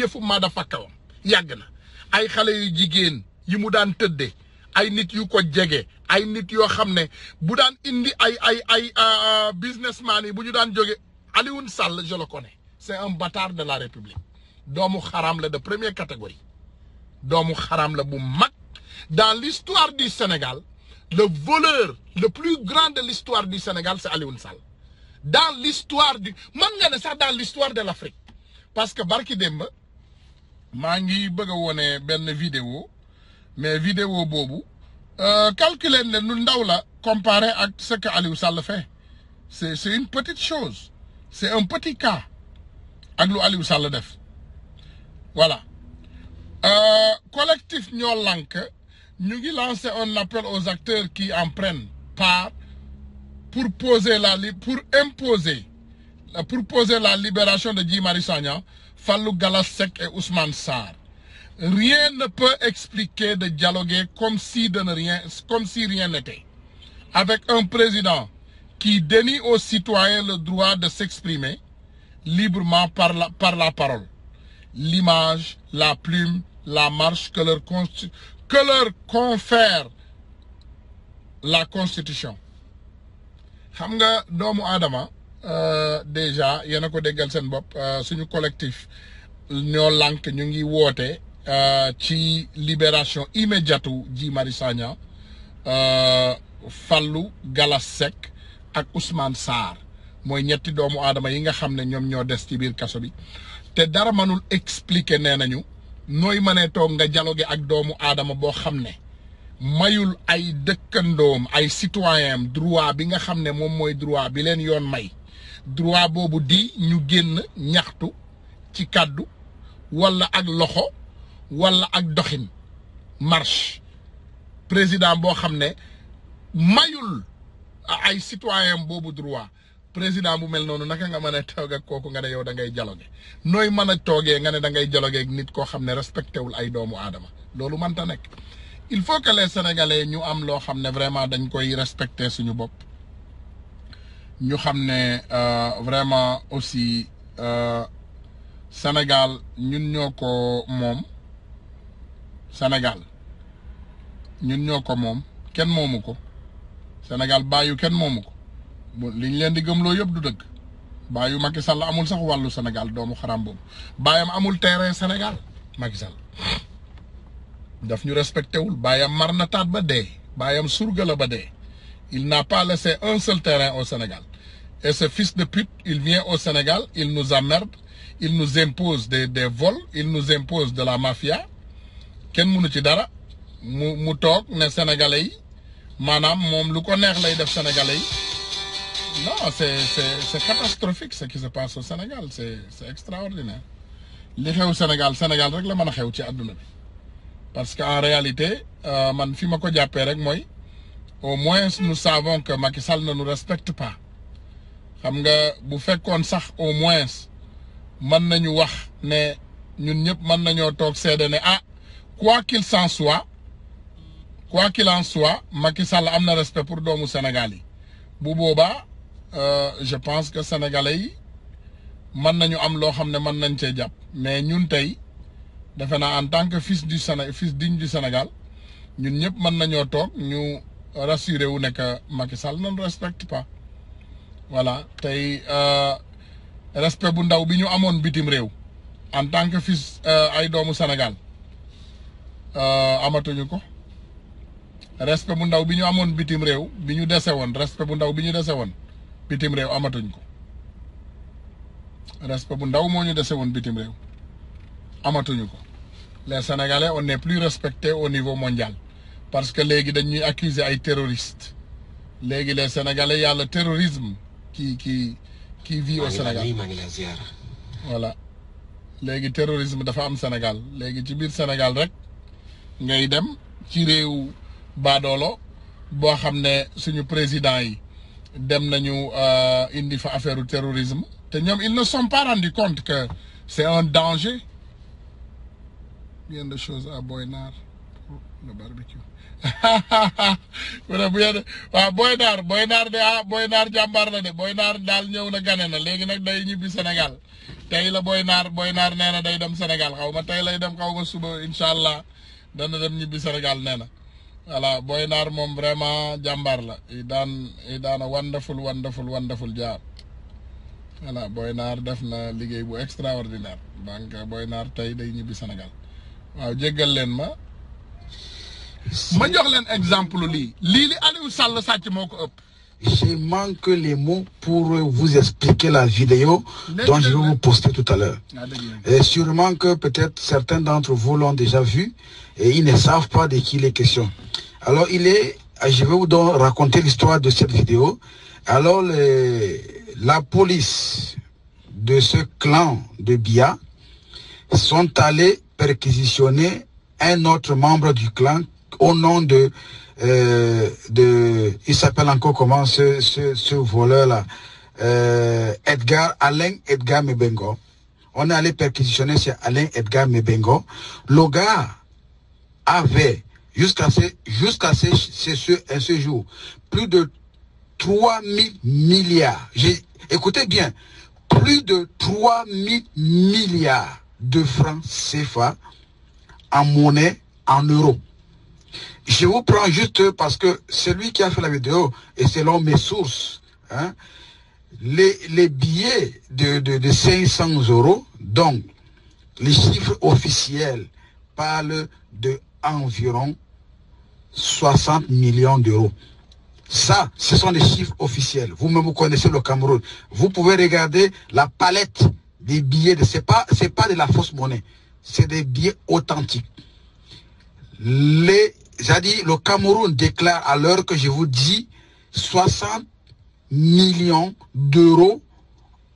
ay xalé yu jigéen yi mu daan tëddee ay nit yu ko jege ay nit yoo xam ne bu daan indi ay ay ay businessman yi bu ñu daan jóge Alioune Sall je le connais c'est un bâtard de la République doomu xaram la de première catégorie doomu xaram la bu mag dans l'histoire du Sénégal le voleur le plus grande de l'histoire du Sénégal c'est Alioune Sall dans l'histoire du mën nga ne sax dans l'histoire de l'Afrique parce que barki démb maa ngi bëgg a wone benn vidéo mais vidéo bobo, euh, calculer le nu comparer la comparé ce que Aliou Sall fait c'est une petite chose c'est un petit cas ak lu Aliou Sall def voilà euh, collectif ñolank nous ñu lancer un appel aux acteurs qui en prennent part pour poser la pour imposer pour poser la libération de Guy Fallou Galassek et Ousmane Sarr Rien ne peut expliquer de dialoguer comme si, de rien, comme si rien n'était. Avec un président qui dénie aux citoyens le droit de s'exprimer librement par la, parole, l'image, la plume, la marche que leur, confère la Constitution. Euh, déjà euh, collectif Euh, ci libération immédiate ji Mari fallu euh, Fallou Galas Seck ak Ousmane Sarr mooy ñetti doomu aadama yi nga xam ne ñoom ñoo des ci biir kaso bi te dara mënul expliquer nee nañu nooy mënee toog nga dialogue ak doomu aadama boo xam ne mayul ay dëkkandoom ay citoyen droit bi nga xam ne moom mooy droit bi leen yoon may droit boobu di ñu génn ñaxtu ci kàddu walla ak loxo wala ak doxin marche président bo xamné mayul ay citoyen bobu droit président bu mel noonu naka nga mané a ak koku nga ne yow da ngay dialogue noy mën na toogee nga né da ngay dialogue ak nit ko xamné respecté wul ay doomu lolou man ta nek il faut que les sénégalais ñu am lo xamné vraiment dañ koy respecté suñu bop ñu xamné euh vraiment aussi euh, Sénégal ñun ñoo ko moom Sénégal ñun ñoo ko moom kenn Sénégal bàyyu kenn moomu ko li ñu leen di gëmloo yëpp du dëgg bàyyu Macky Sall amul sax wàllu Sénégal doomu xaram boobu amul terrain Sénégal Macky Sall daf ñu respecté wul mar na ba dee ba il n'a pas laissé un seul terrain au Sénégal et ce fils de pute il vient au Sénégal il nous emmerde il nous impose des des vols il nous impose de la mafia kenn mënu ci dara mu mu tok ne sénégalais manam mom lu ko neex lay def sénégalais non c'est c'est c'est catastrophique ce qui se passe au Sénégal c'est c'est extraordinaire li xew Sénégal Sénégal rek la mëna xew ci aduna bi parce que en réalité euh, man fi ma ko rek moy au moins nous savons que Macky Sall ne nous respecte pas xam nga bu fekkoon sax au moins man nañu wax né ñun ñëpp man nañu tok seede ne ah. quoi qu'il s'en soit quoi qu'il en soit Macky Sall a un respect pour doomu Sénégalais. yi bu euh, je pense que sénégalais yi mën nañu am loo xam ne mën nañ cee jàpp mais ñun en tant que fils du Sénégal fils digne du Sénégal ñun ñëpp mën nañoo toog ñu rassurer wu ne Macky Sall non respecte pas voilà tey euh, respect bu ndaw bi ñu amoon bitim réew en tant que fils euh, ay doomu Sénégal. Euh, amatuñu ko respect bu ndaw biñu amone amoon bitim réew bi ñu dese respect bu ndaw biñu ñu dese woon bitim réew amatuñ ko respect bu ndaw moñu bitim les sénégalais on n'est plus respecté au niveau mondial parce que légui dañuy accuser ay terroristes légui les sénégalais y a le terrorisme qui qui qui vit au Sénégal voilà légui terrorisme dafa am Sénégal légui ci bir Sénégal rek. ngay dem ci réew baadoolo boo xam ne suñu président yi dem nañu euh, indi fa affaire u terrorisme te ñoom ils ne sont pas rendu compte que c'est un danger bien de choses à Boynar pour le barbecue *laughs* bu yéen waaw Boynar Boynar de ah naar jàmbaar la de Boynar daal ñëw na gane na léegi nag day ñibbi Sénégal tey la Boynar Boynar nee na day dem Sénégal xaw ma tey lay dem xaw ma suba incha allah dana dem ñibbi senegal nee na voilà Boy Naar moom vraiment jàmbaar la i daan i daan a wonderful wonderful jaar voilà Boy Naar def na liggéey bu extraordinaire donc Boy Naar tey day ñibbi Sénégal waaw jéggal leen ma ma jox leen exemple lii lii li Aliou sàll sàcc moo ko ëpp je manque les mots pour vous expliquer la vidéo dont je vais vous poster tout à l'heure. Ah, sûrement que peut-être certains d'entre vous l'ont déjà vu et ils ne savent pas de qui il est question. Alors il est, ah, je vais vous raconter l'histoire de cette vidéo. Alors la police de ce clan de Bia sont allés perquisitionner un autre membre du clan au nom de euh, de, il s'appelle encore comment ce, voleur-là, euh, Edgar, Alain Edgar Mebengo. On est allé perquisitionner chez Alain Edgar Mebengo. Le gars avait, jusqu'à ce, jusqu'à ce, ce jour, plus de 3000 milliards. Écoutez bien, plus de 3 milliards de francs CFA en monnaie en euros. Je vous prends juste parce que celui qui a fait la vidéo, et selon mes sources, hein. les, billets de, 500 euros, donc les chiffres officiels parlent de environ 60 millions d'euros. Ça, ce sont des chiffres officiels. Vous-même, vous connaissez le Cameroun. Vous pouvez regarder la palette des billets. ce n'est pas, pas de la fausse monnaie. C'est des billets authentiques. Les j'ai dit, le Cameroun déclare à l'heure que je vous dis 60 millions d'euros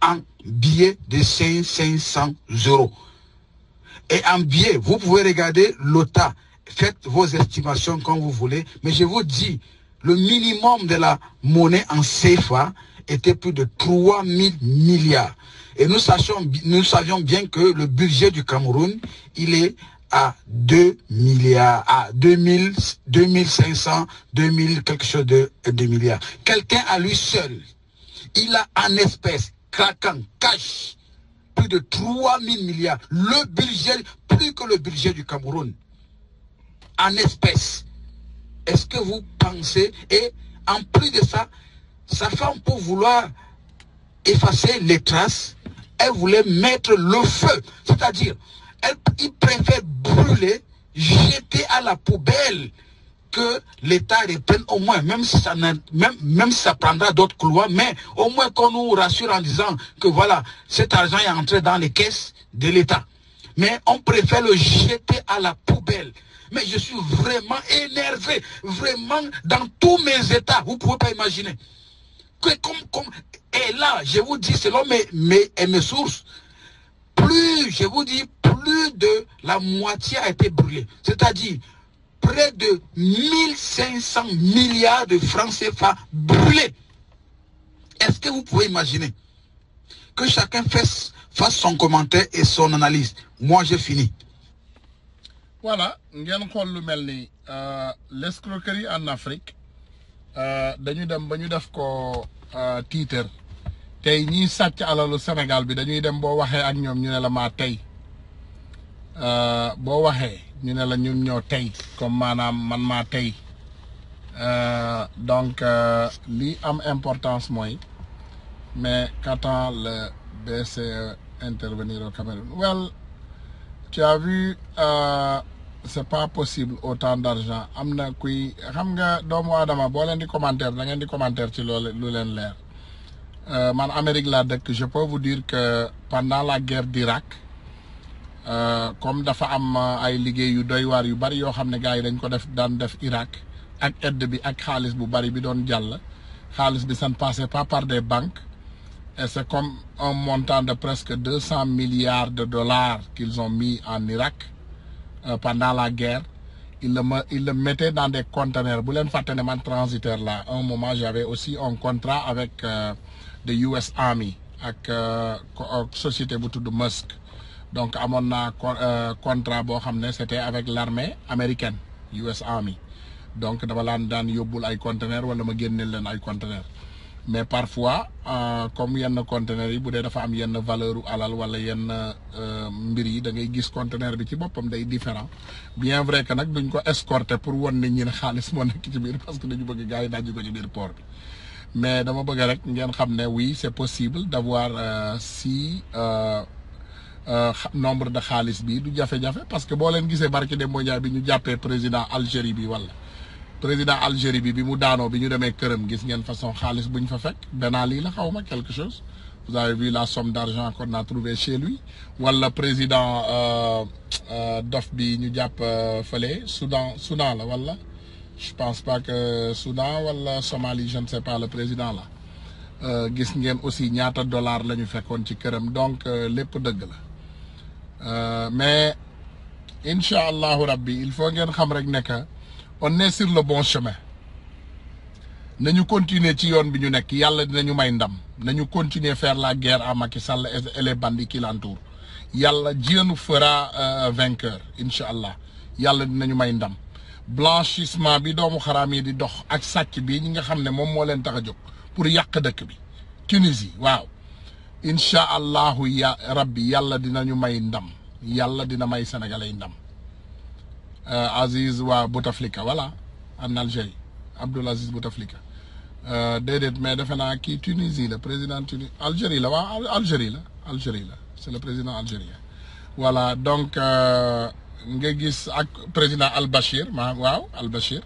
en billets de 500 euros. Et en billets, vous pouvez regarder l'OTA. Faites vos estimations quand vous voulez. Mais je vous dis, le minimum de la monnaie en CFA était plus de 3 000 milliards. Et nous, nous savions bien que le budget du Cameroun, il est à 2 milliards, à 2000, 2500, 2000, quelque chose de 2 milliards. Quelqu'un à lui seul, il a en espèces, craquant, cash, plus de 3000 milliards. Le budget, plus que le budget du Cameroun, en espèces. Est-ce que vous pensez, et en plus de ça, sa femme pour vouloir effacer les traces, elle voulait mettre le feu, c'est-à-dire il ils préfèrent brûler, jeter à la poubelle que l'État reprenne au moins, même si ça, prendra d'autres couloirs, mais au moins qu'on nous rassure en disant que voilà, cet argent est entré dans les caisses de l'État. Mais on préfère le jeter à la poubelle. Mais je suis vraiment énervé, vraiment dans tous mes états, vous ne pouvez pas imaginer. et là, je vous dis, selon mes, mes sources, plus, je vous dis, plus de la moitié a été brûlée. C'est-à-dire près de 1500 milliards de francs CFA brûlés. Est-ce que vous pouvez imaginer que chacun fasse, son commentaire et son analyse Moi, j'ai fini. Voilà, euh, l'escroquerie en Afrique euh, tey ñiy à alalu Sénégal bi dañuy dem bo waxee ak ñom ñu ne la tay euh bo waxee ñu ne la ñun ñoo tay comme manam man tay euh donc euh, li am importance moy mais qu'attend le BCE intervenir au Cameroun well tu as vu euh, c'est pas possible autant d'argent amna kuy xam nga doomu ma boîte, len di commentaire da ngeen di commentaire ci lolé lu len leer euh, man Amérique là je peux vous dire que pendant la guerre d'Irak euh, comme dafa am euh, ay liggéey yu doy waar yu bari yo xamné gaay dañ ko def l'Irak, def Irak ak aide bi ak khalis bu bari bi ne passait pas par des banques et c'est comme un montant de presque 200 milliards de dollars qu'ils ont mis en Irak pendant la guerre ils le le mettaient dans des conteneurs bu leen fàtte ne transitaire là un moment j'avais aussi un contrat avec the US Army euh, ak société bu tudd Musk donc amoon naa euh, contrat boo xam ne c'était avec l'armée américaine US Army donc dama laan daan yóbbul ay conteneurs wala ma génneel leen ay conteneurs mais parfois euh, comme yenn conteneurs yi bu dee dafa am yenn valeur u alal wala yenn mbir yi da ngay gis conteneur bi ci boppam day différent bien vrai que nag duñ ko escorter pour won nit ñi ne xaalis moo nekk ci biir parce que dañu bëgg gars yi dajji ko ci biir port bi mais dama bëgg rek ngeen xamné oui c'est possible d'avoir euh, si euh, euh, nombre de xaalis bi du jafé jafé parce que bo leen gisé barki Demba Ndiaye bi ñu jappé président Algérie bi wala président Algérie bi bi mu daano bi ñu démé kërëm gis ngeen façon xaalis buñ ñu fa fekk danaa li la xawma quelque chose vous avez vu la somme d'argent qu'on a trouvé chez lui wala président euh, euh, dof bi ñu japp euh, fële Soudan Soudan la wala je pense pas que Soudan wala Somalie je ne sais pas le président là euh, gis aussi ñaata dollar la nous fait ci donc euh, les dëgg la euh, mais incha allahu il faut que xam rek que on est sur le bon chemin nañu continuer ci yoon bi ñu nekk yàlla dinañu may ndam nañu continuer faire la guerre à Macky Sall et les bandits qui l'entourent yalla Dieu nous fera vainqueur inshallah yalla dinañu may ndam. blanchissement bi doomu xaram yi di dox ak sàcc bi ñi nga xam ne moom moo leen tax a jóg pour yàq dëkk bi Tunisie waaw incha allahu ya rabbi yàlla dinañu may ndam yàlla dina may sénégalais ndam Aziz waa Bouteflika voilà en Algérie Abdoul Aziz Bouteflika déedéet mais defe naa kii Tunisie la président Tunisie Algérie la waaw Algérie la Algérie la c'est le président algérien voilà donc nga gis ak président Al bashir ma waaw Al Bashir,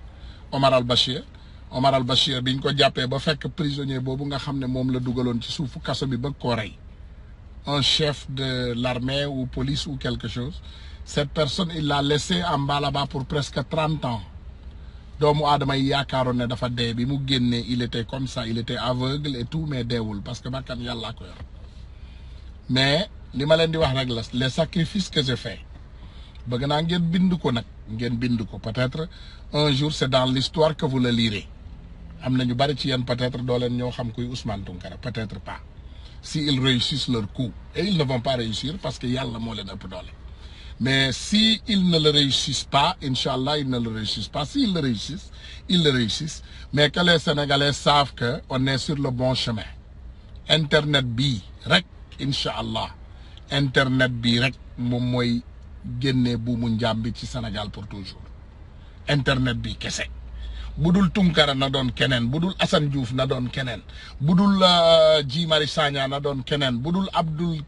Omar Al bashir Omar Al bashir biñ ko jappé ba fekk prisonnier bobu nga xamné mom la un chef de l'armée ou police ou quelque chose cette personne il l'a laissé en bas là-bas pour presque 30 ans doomu a yi dafa bi mu génné, il était comme ça il était aveugle et tout mais deewul parce que bakkan yalla ko yor mais li ma di wax rek les sacrifices que j'ai faits, peut-être un jour c'est dans l'histoire que vous le lirez peut-être peut-être pas S'ils réussissent leur coup et ils ne vont pas réussir parce que y le le mais si ils ne le réussissent pas inshallah ils ne le réussissent pas S'ils le réussissent ils le réussissent mais que les sénégalais savent que on est sur le bon chemin internet bi, rek internet bi, rek génne buumu njaam bi ci Sénégal pour toujours internet bi kese bu dul Tunkara na doon keneen bu dul Assane Diouf na doon keneen bu dul euh, Guy Marius Sagna na doon keneen bu dul Abdul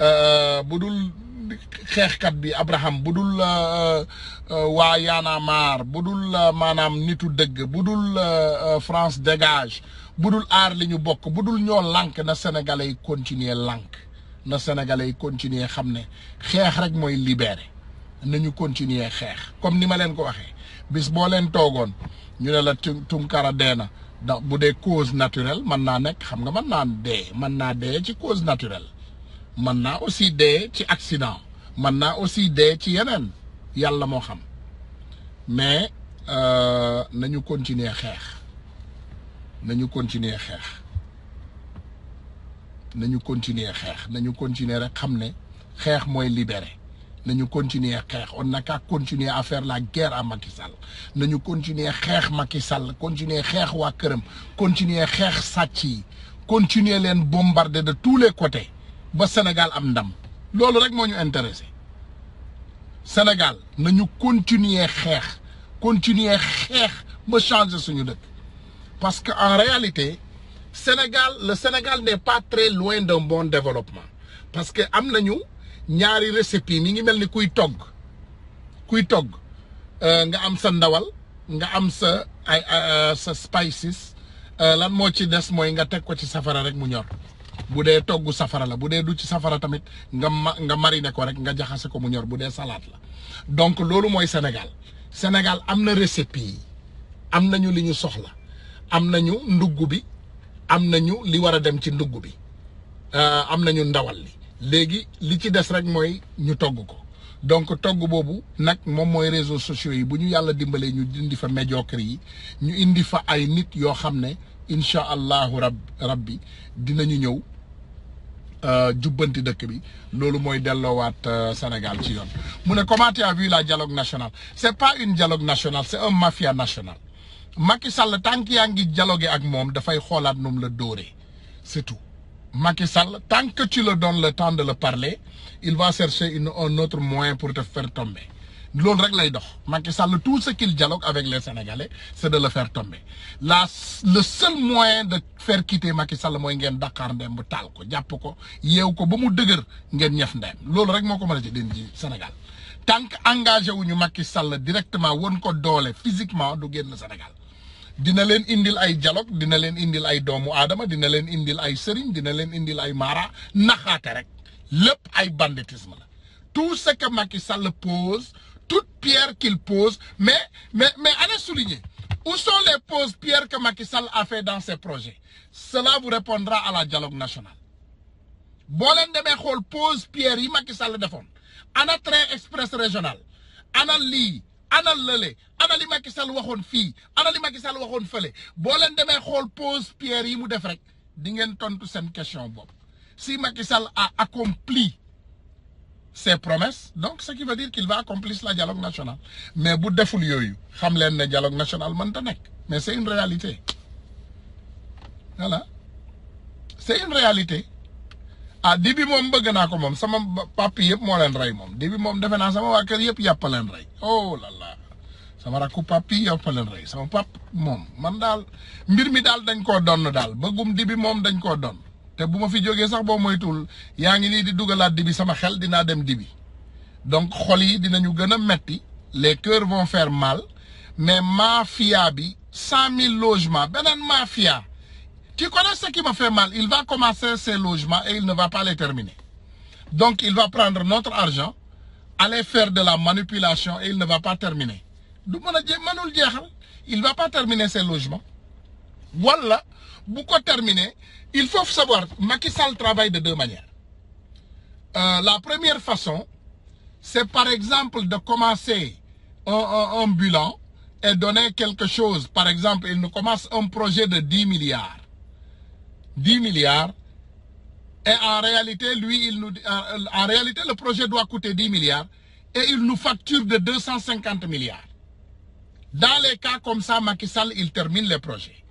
euh, bu dul xeexkat bi Abraham bu dul euh, waa Yaana Maar bu dul maanaam nitu dëgg bu dul France dégage bu dul aar li ñu bokk bu dul ñoo lank na sénégalais yi continuer lànk na sénégalais yi continuer xam ne xeex rek mooy libérer nañu continuer xeex comme ni ma leen ko waxee bis boo leen toogoon ñu ne la Tunkara dee na ndax bu dee cause naturelle mën naa nekk xam nga man naa dee mën naa dee ci cause naturelle mën naa aussi dee ci accident mën naa aussi dee ci yeneen yàlla moo xam mais euh, nañu continuer xeex nañu continuer xeex nañu continuer à nous continuer à xam ne xeex mooy libérer nous continuer xeex on n'a qu'à continuer à faire la guerre à Macky Sall nous continuer faire Macky Sall continuer à faire, këram continuer à sàcc continuer leen bombarder de tous les côtés ba Sénégal am ndam loolu rek moo nous intéressé Sénégal nañu continuer xeex continuer xeex ba changer suñu dëkk parce que en réalité Sénégal le Sénégal n'est pas très loin d'un bon développement parce que nous avons ñaari recette, mi ngi mel nga nga spices lan des moy nga ko safara rek mu ñor safara la du ci safara tamit nga nga mariner ko rek nga jaxassé ko mu ñor salade la donc lolu nous Sénégal Sénégal amna am nañu li war a dem ci ndugg bi euh, am nañu ndawal li léegi li ci des rek mooy ñu togg ko donc togg boobu nag moom mooy réseaux sociaux yi bu ñu yàlla dimbalee ñu dindi fa médiocre yi ñu indi fa ay nit yoo xam ne incha allahu rab rab rabbi dinañu ñëw euh, jubbanti dëkk bi loolu mooy delloowaat euh, Sénégal ci yoon mu ne comment tu as vu la dialogue national c'est pas une dialogue nationale c'est un mafia national Macky Sall y a ngi dialogue ak moom da fay nu mu le doré. c'est tout Macky Sall tant que tu le donnes le temps de le parler il va chercher une un autre moyen pour te faire tomber lool rek lay dox Macky Sall tout ce qu'il dialogue avec les Sénégalais c'est de le faire tomber la le seul moyen de faire quitter Macky Sall moy ngeen Dakar ndem tal ko japp ko yew ko bamu deuguer dëgër ngeen ndem lool rek moko mara a ci den Sénégal tant que engagé wuñu Macky Sall directement won ko doole physiquement du génn Sénégal dina len indil ay dialogue dina len indil ay doomu adama dina len indil ay serigne dina len indil ay mara naxaate rek lepp ay banditisme la tout ce que Macky Sall pose toute pierre qu'il pose mais mais mais allez souligner où sont les poses pierres que Macky Sall a fait dans ses projets cela vous répondra à la dialogue nationale boo leen demee xool pose pierre yi Macky Sall defoon ana train express régional ana lii ana lële ana li Macky Sall waxoon fii ana li Macky Sall pose pierre yi mu def rek di ngén tontu sen question si Macky Sall a accompli ses promesses donc ce qui veut dire qu'il va accomplir la dialogue national mais bu deful yooyu xam len né dialogue national ta nek mais c'est une réalité voilà c'est une réalité A ah, debi mom moom bëgg naa ko mom sama papi yëpp mo leen ray mom debi mom moom sama wa kër yëpp leen ray oh là là sama rakku pap yi yow fa leen rey sama pap mom man dal mbir mi daal dañ koo donn daal dibi mom dañ ko don te buma fi jógee sax bo moytul yaangi ni di dugalaat dibi sama xel dina dem dibi donc xol yi dinañu gëna metti les cœurs vont faire mal mais mafia bi 100000 logements benen mafia tu connais ce qui m'a fait mal il va commencer ses logements et il ne va pas les terminer donc il va prendre notre argent aller faire de la manipulation et il ne va pas terminer il ne va pas terminer ses logements voilà, beaucoup terminé. terminer il faut savoir Macky Sall travaille de deux manières euh, la première façon c'est par exemple de commencer un, un, bilan et donner quelque chose par exemple il nous commence un projet de 10 milliards 10 milliards et en réalité lui en réalité le projet doit coûter 10 milliards et il nous facture de 250 milliards dans les cas comme ça, Macky Sall, il termine les projets.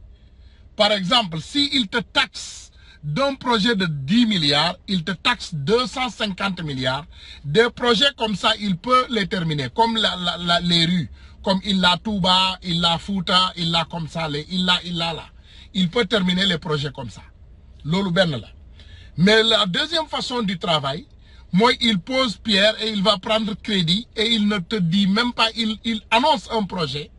Par exemple, s'il te taxe d'un projet de 10 milliards, il te taxe 250 milliards. Des projets comme ça, il peut les terminer, comme les rues, comme il l'a Touba, il l'a Fouta, il l'a comme ça, il l'a, il l'a là. Il peut terminer les projets comme ça. là. Mais la deuxième façon du travail, moi, il pose pierre et il va prendre crédit et il ne te dit même pas, il, annonce un projet,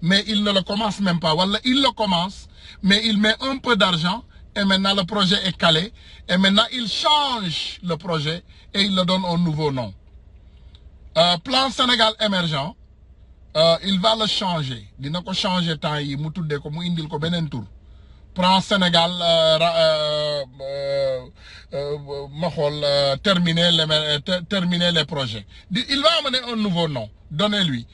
mais il ne le commence même pas. il le commence, mais il met un peu d'argent et maintenant le projet est calé. Et maintenant, il change le projet et il le donne un nouveau nom. Euh, plan Sénégal émergent, euh, il va le changer. Il le changer, il il va le changer, prend Sénégal euh, euh, euh, terminez terminer les projets il va amener un nouveau nom donnez-lui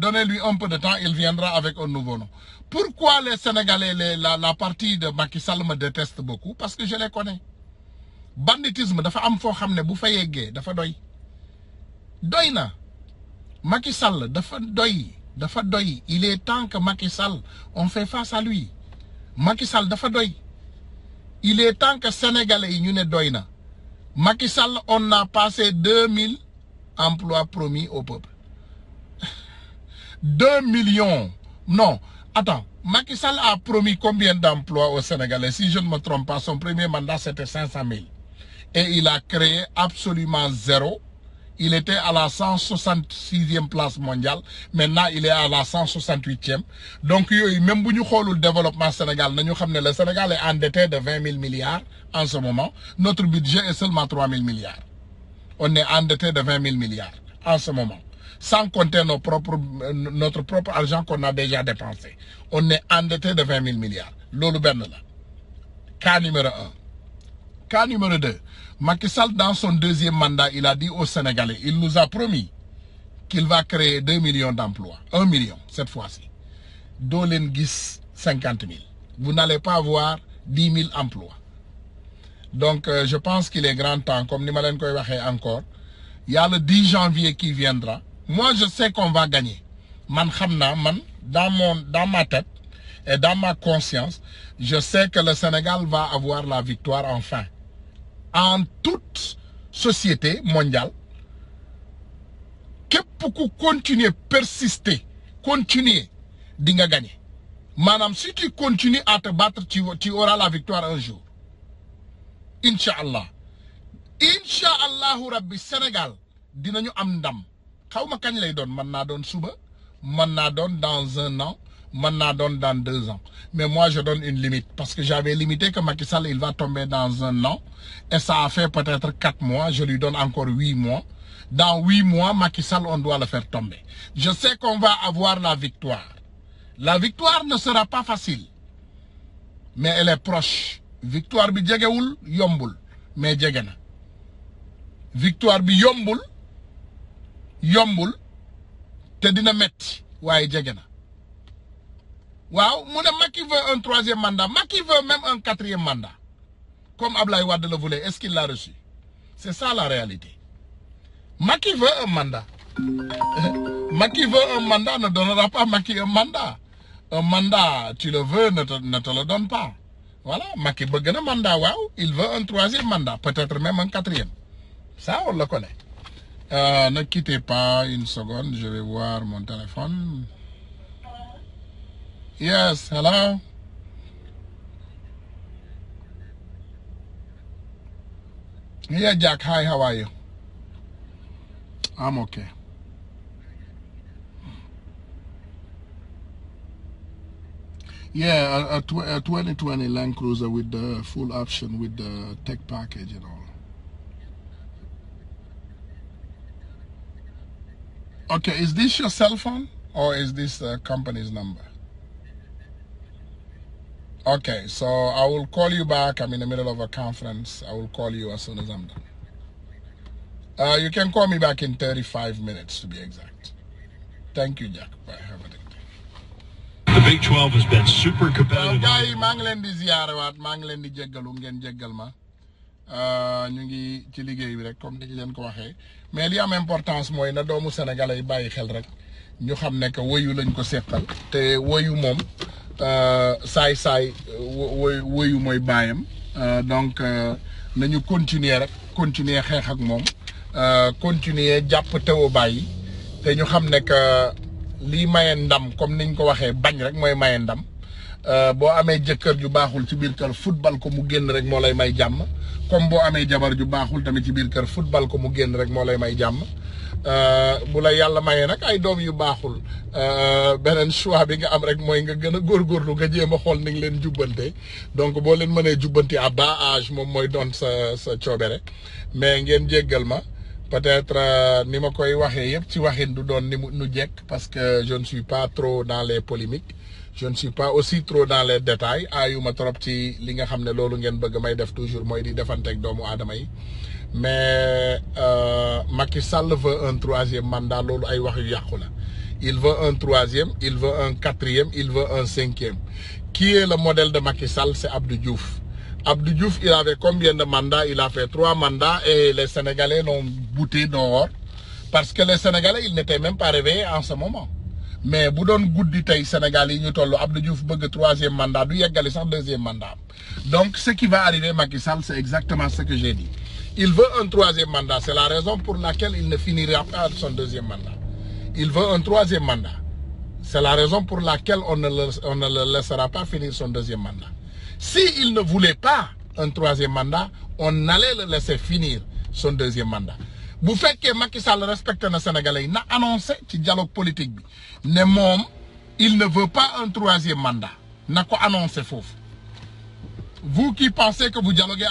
donnez-lui un peu de temps il viendra avec un nouveau nom pourquoi les Sénégalais la partie de Macky Sall me déteste beaucoup parce que je les connais banditisme dafa am bu dafa Macky Sall dafa doy dafa il est temps que Macky Sall on fait face à lui Macky Sall dafa il est temps que sénégalais ñu né doyna Macky Sall on a passé 2000 emplois promis au peuple 2 *laughs* millions non attends Macky Sall a promis combien d'emplois au Sénégalais si je ne me trompe pas son premier mandat c'était 500 000. et il a créé absolument zéro il était à la 166e place mondiale. Maintenant, il est à la 168e. Donc, même si nous avons le développement sénégal, nous savons que le Sénégal est endetté de 20 000 milliards en ce moment. Notre budget est seulement 3 000 milliards. On est endetté de 20 000 milliards en ce moment. Sans compter nos propres, euh, notre propre argent qu'on a déjà dépensé. On est endetté de 20 000 milliards. Cas numéro 1. Cas numéro 2. Macky Sall, dans son deuxième mandat, il a dit aux Sénégalais, il nous a promis qu'il va créer 2 millions d'emplois. 1 million, cette fois-ci. Dolingis 50 000. Vous n'allez pas avoir 10 000 emplois. Donc, euh, je pense qu'il est grand temps, comme Nimalen Koywache encore, il y a le 10 janvier qui viendra. Moi, je sais qu'on va gagner. Man man, dans, mon, dans ma tête et dans ma conscience, je sais que le Sénégal va avoir la victoire enfin en toute société mondiale que pour continuer persister continuer di Madame, gagner Madame si tu continues à te battre tu auras la victoire un jour Inch'Allah allah incha rabbi Sénégal dinañu am ndam xaw kañ lay don suba te dans un an maintenant donne dans deux ans. Mais moi, je donne une limite. Parce que j'avais limité que Makissal il va tomber dans un an. Et ça a fait peut-être quatre mois. Je lui donne encore huit mois. Dans huit mois, Makissal on doit le faire tomber. Je sais qu'on va avoir la victoire. La victoire ne sera pas facile. Mais elle est proche. Victoire bi djegeoul, yomboul. Mais Victoire bi yomboul, yomboul, te dina met. « Waouh, mu qui veut un troisième mandat qui veut même un quatrième mandat comme Ablai Wade le voulait est-ce qu'il l'a reçu c'est ça la réalité qui veut un mandat qui *laughs* veut un mandat ne donnera pas Maki un mandat un mandat tu le veux ne te, le donne pas voilà Maki veut un mandat waouh, il veut un troisième mandat peut-être même un quatrième ça on le connaît euh, ne quittez pas une seconde je vais voir mon téléphone Yes, hello? Yeah, Jack, hi, how are you? I'm okay. Yeah, a, a, a 2020 Land Cruiser with the full option with the tech package and all. Okay, is this your cell phone or is this the uh, company's number? Okay, so I will call you back. I'm in the middle of a conference. I will call you as soon as I'm done. Uh, you can call me back in 35 minutes to be exact. Thank you, Jack. Bye. Have a day. The Big 12 has been super competitive. Uh, Euh, saay saay wo woyu mooy baayam euh, donc euh, nañu continuer rek continuer xeex ak moom continuer jàpp tewo bàyyi te ñu xam ne que lii maye ndam comme ni ñu ko waxee bañ rek mooy maye ndam boo amee jëkkër ju baaxul ci biir kër football ko mu génn rek moo lay may jàmm comme boo amee jabar ju baaxul tamit ci biir kër football ko mu génn rek moo lay may jàmm Euh, bu la yàlla mayee nag ay doom yu baaxul euh, beneen choix bi nga am rek mooy nga gën a góor góorgóorlu nga jéem a xool ni ngi leen jubbante donc boo leen mënee jubbanti à bas âge moom mooy doon sa sa coobere mais ngeen jéggal ma peut-être euh, ni ma koy waxee yëpp ci waxin du doon ni mu nu jekk parce que je ne suis pas trop dans les polémiques je ne suis pas aussi trop dans les détails aayuma trop ci li nga xam ne loolu ngeen bëgg may def toujours mooy di defanteeg doomu aadama yi mais euh, Macky Sall veut un troisième mandat il veut un troisième il veut un quatrième il veut un cinquième qui est le modèle de Macky Sall c'est Abdou Diouf Abdou Diouf il avait combien de mandats il a fait trois mandats et les Sénégalais l'ont bouté dehors parce que les Sénégalais ils n'étaient même pas réveillés en ce moment mais si doon guddi un Sénégal yi ñu sénégalais, Abdou Diouf un troisième mandat du gagné deuxième mandat donc ce qui va arriver Macky Sall c'est exactement ce que j'ai dit il veut un troisième mandat. C'est la raison pour laquelle il ne finira pas son deuxième mandat. Il veut un troisième mandat. C'est la raison pour laquelle on ne, le, laissera pas finir son deuxième mandat. S'il ne voulait pas un troisième mandat, on allait le laisser finir son deuxième mandat. Vous faites Macky Sall respecte le sénégalais il a annoncé ci dialogue politique Mais il ne veut pas un troisième mandat na a annoncé vous qui pensez que vous dialoguez avec